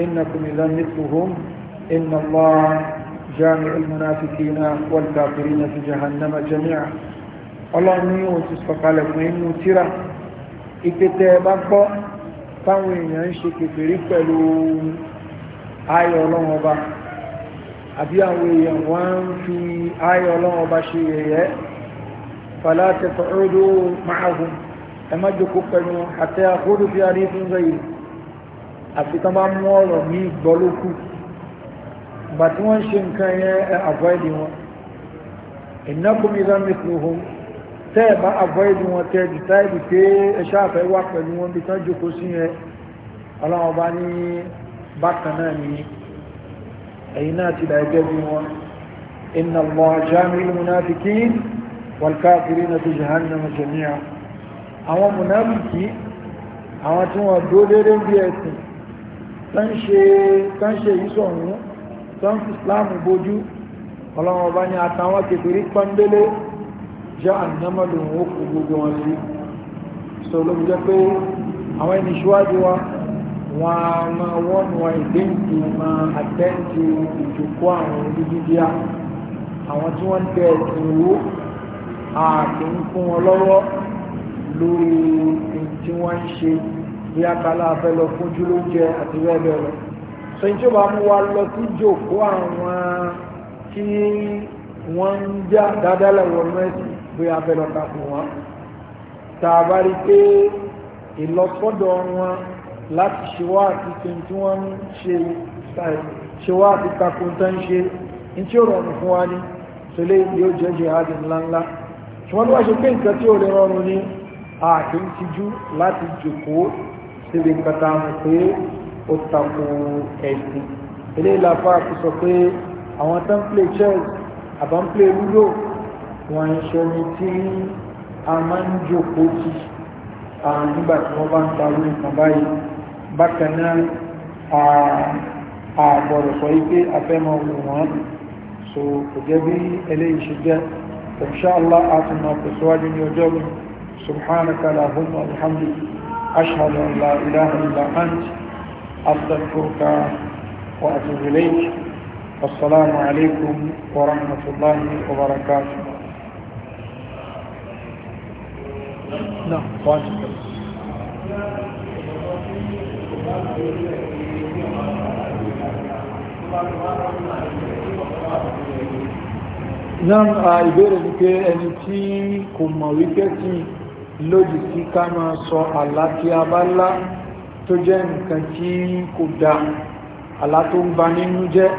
إنكم إلا مثلهم إن الله جامع المنافقين والكافرين في جهنم جميعا ọlọ́run ní òun ti sọ̀kalẹ̀ fún inú tíra ìpètè bá gbọ́ táwọn èèyàn ń ṣe kékeré pẹ̀lú ayọ̀ ọlọ́run ọba àbí àwọn èèyàn wọ́n ń fi ayọ̀ ọlọ́run ọba ṣe yẹ̀yẹ́ fàlátẹ̀fẹ̀ ọdún máa hùn ẹ má jókòó pẹ̀lú àti àkóòdù bí arí fún rẹ̀ yìí àti tán bá mú ọ̀rọ̀ ní ìgbọ́lókù bà tí wọ́n ń ṣe nǹkan yẹn ẹ avoid wọn ìnákùn ìdá mẹ́sìlúhùn tẹ́ ẹ bá avoid wọn tẹ́ ẹ decide pé ẹ ṣáàfẹ́ wà pẹ̀lú wọn bí tán jókòó sí yẹn ọlọ́wọ́n bá ní bákan náà ní ẹ̀yìn náà ti dà ẹgẹ́ bí wọn inna Allah jami'ul munafiqin wal kafirin fi jahannama jami'a àwọn mùnáfìkì àwọn tí wọ́n dó dédé bí ẹ̀sìn tán ṣe ìṣọ̀rún tán fi islamu bójú ọlọ́wọ́ bá ní àtàwọn kèfèrí pọ́ndélé jẹ́ ànámọ́lù òun kò gbogbo so ló jẹ́ pé àwọn ẹni ṣíwájú wa wọ́n a máa wọ́n wọn ìgbéǹtì máa àtẹ́ǹtì ìjòkó àwọn olùdíjíà àwọn tí wọ́n ń tẹ ẹ̀sìn lórí tí wọ́n ń ṣe bí akálá afẹ́ lọ fún júlóúnjẹ àti rẹ́bẹ̀ lọ sọ tí ó bá mú wa lọ sí jòkó àwọn tí wọ́n ń já dáadáa wọnú ẹ̀sìn bí afẹ́ lọ ta fún wọn tá rí pé ìlọsọ́dọ̀ wọn láti ṣe wá àti tí wọ́n ń ṣe ṣe àti takun tó ń ṣe tí ó rọrùn fún wa ní sọlé yóò jẹ́ jihadi ńláńlá ṣùgbọ́n wá ṣe pé nǹkan tí ó lè rọrùn ní ààkì ń tijú láti jòkó síbi kata mọ̀ pé ó tako ẹ̀sìn ilé ìlàfà ti sọ pé àwọn tó ń play chess àbá ń play ludo wọn ń ṣẹni tí a máa ń jòkó tì nígbà tí wọ́n bá ń ta lórí kan báyìí bákan náà àbọ̀rọ̀ sọ wípé afẹ́mọ̀ wù wọ́n so kò jẹ́ bí eléyìí ṣe jẹ́ insha Allah àtúnmọ̀ tẹ̀síwájú ní ọjọ́ mi سبحانك اللهم وبحمدك أشهد أن لا إله إلا أنت أستغفرك وأتوب إليك والسلام عليكم ورحمة الله وبركاته No, Náà ìbéèrè ní pé ẹni tí kò mọ̀ wípé tí lòdì sí ká máa sọ àlá tí a bá lá tó jẹ́ nǹkan tí kò dá àlá tó ń ba nínú jẹ́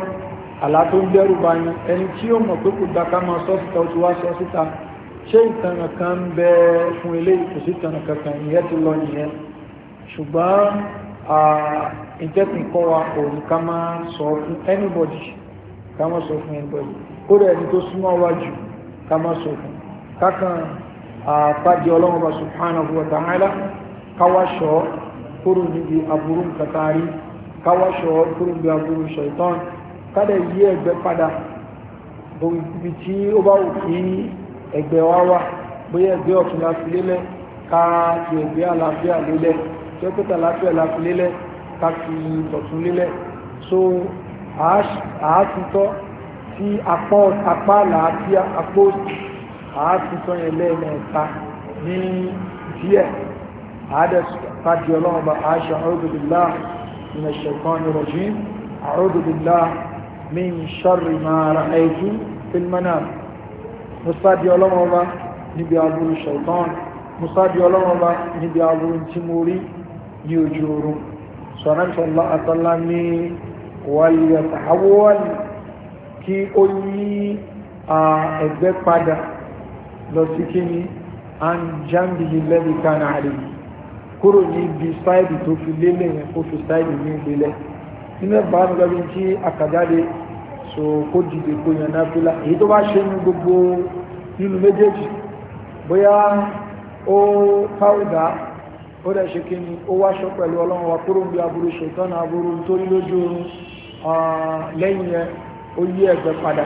àlá tó ń dẹ́rù ba ni ẹni tí ó mọ̀ pé kò dá ká máa sọ síta ó ti wá sọ síta ṣé ìtànà kan ń bẹ fún eléyìí kò sí ìtànà kankan ìyẹn ti lọ nìyẹn ṣùgbọ́n ìjẹ́pìnkọ́ wa òun ká máa sọ fún anybody ká máa sọ fún anybody kó rẹ̀ ẹni tó súnmọ́ wájú ká máa sọ fún kákan àtàjẹ ọlọ́run bá subhanahu wa ta'ala káwáṣọ́ kúrò níbi aburú katari káwáṣọ́ kúrò níbi aburú shaitan kádẹ̀ yí ẹgbẹ́ padà bí tí ó bá wù kí ẹgbẹ́ wá wà bóyá ẹgbẹ́ ọ̀tún láti àátútọ́ yẹn lẹ́ẹ̀mẹ́ta ní díẹ̀ àádẹ́sùpàdé ọlọ́run bá aṣọ a'udhu billahi minash shaitani rajim a'udhu billahi min sharri ma ra'aytu fil manam musadi ọlọ́run bá níbi aburú shaitan musadi ọlọ́run bá níbi aburú tí mo rí ní ojú oorun sọ̀rọ̀sọ̀lá àtọ́lá ẹgbẹ́ padà lọ sí kí ni an jambihi lẹ́bi kánà àlè kúrò ní ibi sáìdì tó fi lélẹ̀ yẹn kó fi sáìdì ní ìgbélẹ̀ nínú ẹ̀bá ń lọ tí so kó dìde kó yẹn náà fi èyí tó bá ṣe ní gbogbo nínú méjèèjì bóyá ó ó dẹ̀ ṣe kí ni ó wáṣọ pẹ̀lú ọlọ́run wa kúrò ń bí aburú ṣètọ́nà aburú nítorí lójú oorun lẹ́yìn yẹn ó yí ẹ̀gbẹ́ padà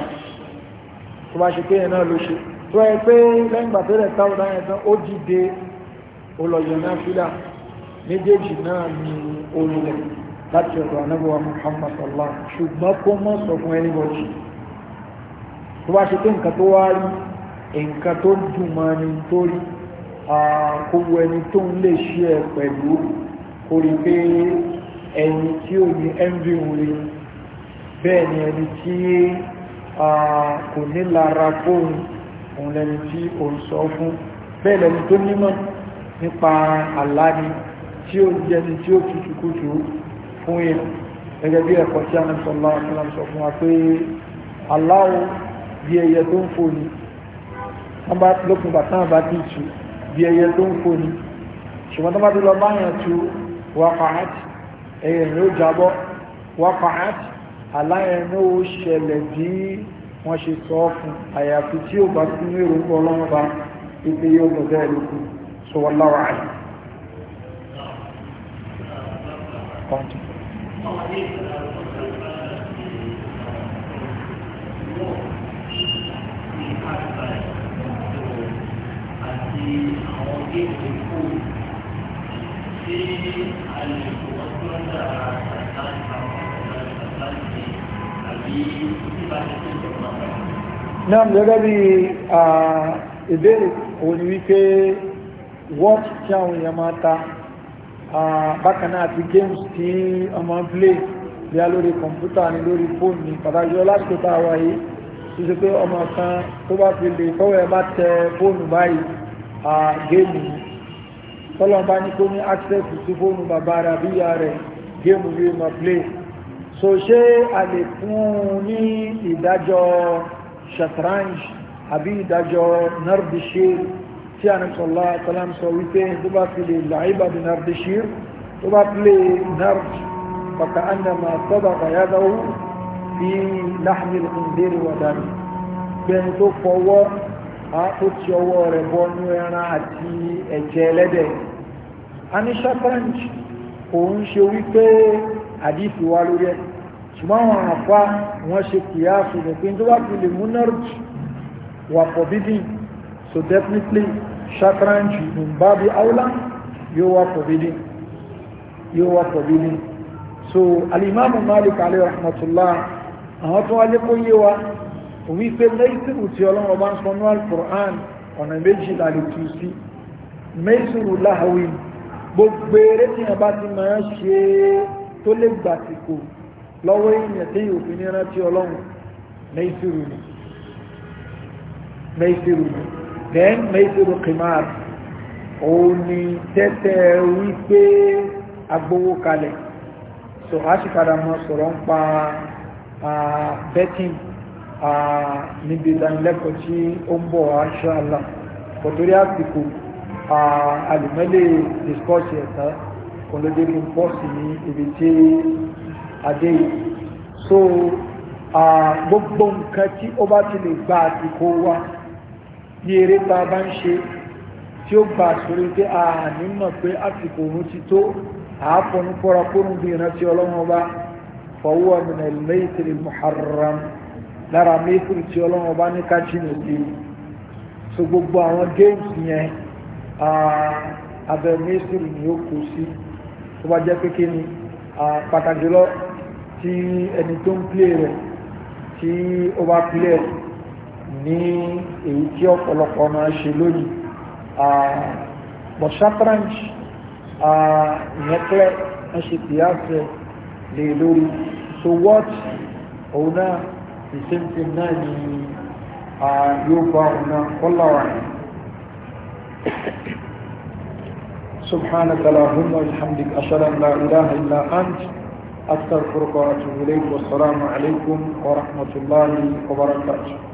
tó bá ṣe kéèyàn náà ló ṣe tó ẹ pé lẹ́yìn gbà tó rẹ̀ táwọn náà yẹn tán ó dìde ó náà fílà méjèèjì náà ni olùlẹ̀ láti ọ̀dọ̀ anábọ̀wá Muhammad allah ṣùgbọ́n kó mọ́ sọ fún ẹni wọ̀nyí tó bá ṣe pé nǹkan tó wá rí nǹkan tó dùn máa ní torí àkówó ẹni tó ń lè ṣí ẹ pẹ̀lú orí pé ẹni tí ò ní envy wuri bẹ́ẹ̀ ni ẹni tí kò ní lára fóun òun lẹni tí ó ń sọ fún bẹ́ẹ̀ lẹni tó nímọ̀ nípa àláni tí ó jẹni tí ó tutù kútù fún èèyàn gẹ́gẹ́ bí ẹ̀kọ́ tí a ní sọ lọ́wọ́ tí wọ́n sọ fún wa pé aláwọ̀ bí ẹyẹ tó ń fò ní lókun bàtà bá ti tù bí ẹyẹ tó ń fò ní ṣùgbọ́n tó bá wọ́n ṣe sọ ọ́ fún àyàfi tí ó bá sínú èròǹgbọ́ ọlọ́run bá ipe yóò lọ bẹ́ẹ̀ lókù sọ wọ́n láwàá Thank you náà gẹ́gẹ́ bí ìbéèrè òní wípé what tí àwọn èèyàn máa ta bákan náà àti games tí ọmọ ń play bí a lórí kọ̀mpútà ní lórí fóònù ní pàtàkì ọlásìkò tá a wà yìí tó ṣe pé ọmọ kan tó bá fi lè fọwọ́ bá tẹ fóònù báyìí géèmù tọ́lọ́n bá ní kó ní access sí fóònù bàbá rẹ̀ àbí ìyá rẹ̀ géèmù yóò máa play so ṣé a lè fún ní ìdájọ́ shatranj àbí ìdájọ́ nardishir tí a nàbí sọ̀lá àtàlám sọ wípé tó bá fi lè làíbà bí nardishir tó bá fi lè nard fàkà annama tọ́bà kàyádáwó fi láhmìl kùndérì wà dání bẹ́ẹ̀ni tó fọwọ́ a tó ti ọwọ́ rẹ̀ bọ́nú ẹran àti ẹ̀jẹ̀ ẹlẹ́dẹ̀ a ní shatranj kò ń ṣe wípé àdífi wá lórí ẹ̀ ṣùgbọ́n àwọn àfá wọ́n ṣe kìíyà ṣùgbọ́n pé tó wá fi lè mú nọ́rùjì wà forbidden so definitely shatranj in babi aula yóò wá forbidden yóò wá forbidden so alimamu malik alayhi rahmatullah àwọn tó wá lé kó yé wa wípé mẹ́sìrù tí ọlọ́run ọba ń sọ ní al-Qur'an ọ̀nà méjì lálẹ́ tú sí mẹ́sìrù láhàwí gbogbo eré tí wọ́n bá ti máa ṣe tó lè gbàtìkò lọ́wọ́ èèyàn tí yóò fi nira tí ọlọ́run mẹ́sìrù ni mẹ́sìrù ni then mẹ́sìrù kìmáà òun ni tẹ́tẹ́ wípé agbowó kalẹ̀ so a sì padà mọ sọ̀rọ̀ ń pa betting níbi ìdánilẹ́kọ̀ọ́ tí ó ń bọ̀ aṣáàlá pọ̀tórí àsìkò alùmọ́lẹ̀ discourse ẹ̀ta kò ló dé fún pọ́ọ̀sì ní ibi tí àdéyì so gbogbo nǹkan tí ó bá ti lè gba àsìkò wa bí eré tá a bá ń ṣe tí ó gba àsìkò pé a ní mọ̀ pé àsìkò òun ti tó àápọnú fọ́ra kórun bí ìrántí ọlọ́run ọba fọwọ́ min al muharram lára mẹ́tìrì tí ọlọ́run ọba ní ká sí so gbogbo àwọn games yẹn abẹ mẹ́tìrì ni ó kù sí tó bá jẹ́ pé kí ni pàtàkì lọ́wọ́ tí ẹni tó ń plé rẹ̀ tí ó bá plé rẹ̀ ní èyí tí ọ̀pọ̀lọpọ̀ máa ṣe lónìí but shatranj ìyẹn pẹ́ wọ́n ṣe pìyàsẹ̀ lè lórí so what òun náà the same thing náà ni yóò bá òun náà kọ́lá wà ní. سبحانك اللهم وبحمدك أشهد أن لا إله إلا أنت أستغفرك وأتوب إليك والسلام عليكم ورحمة الله وبركاته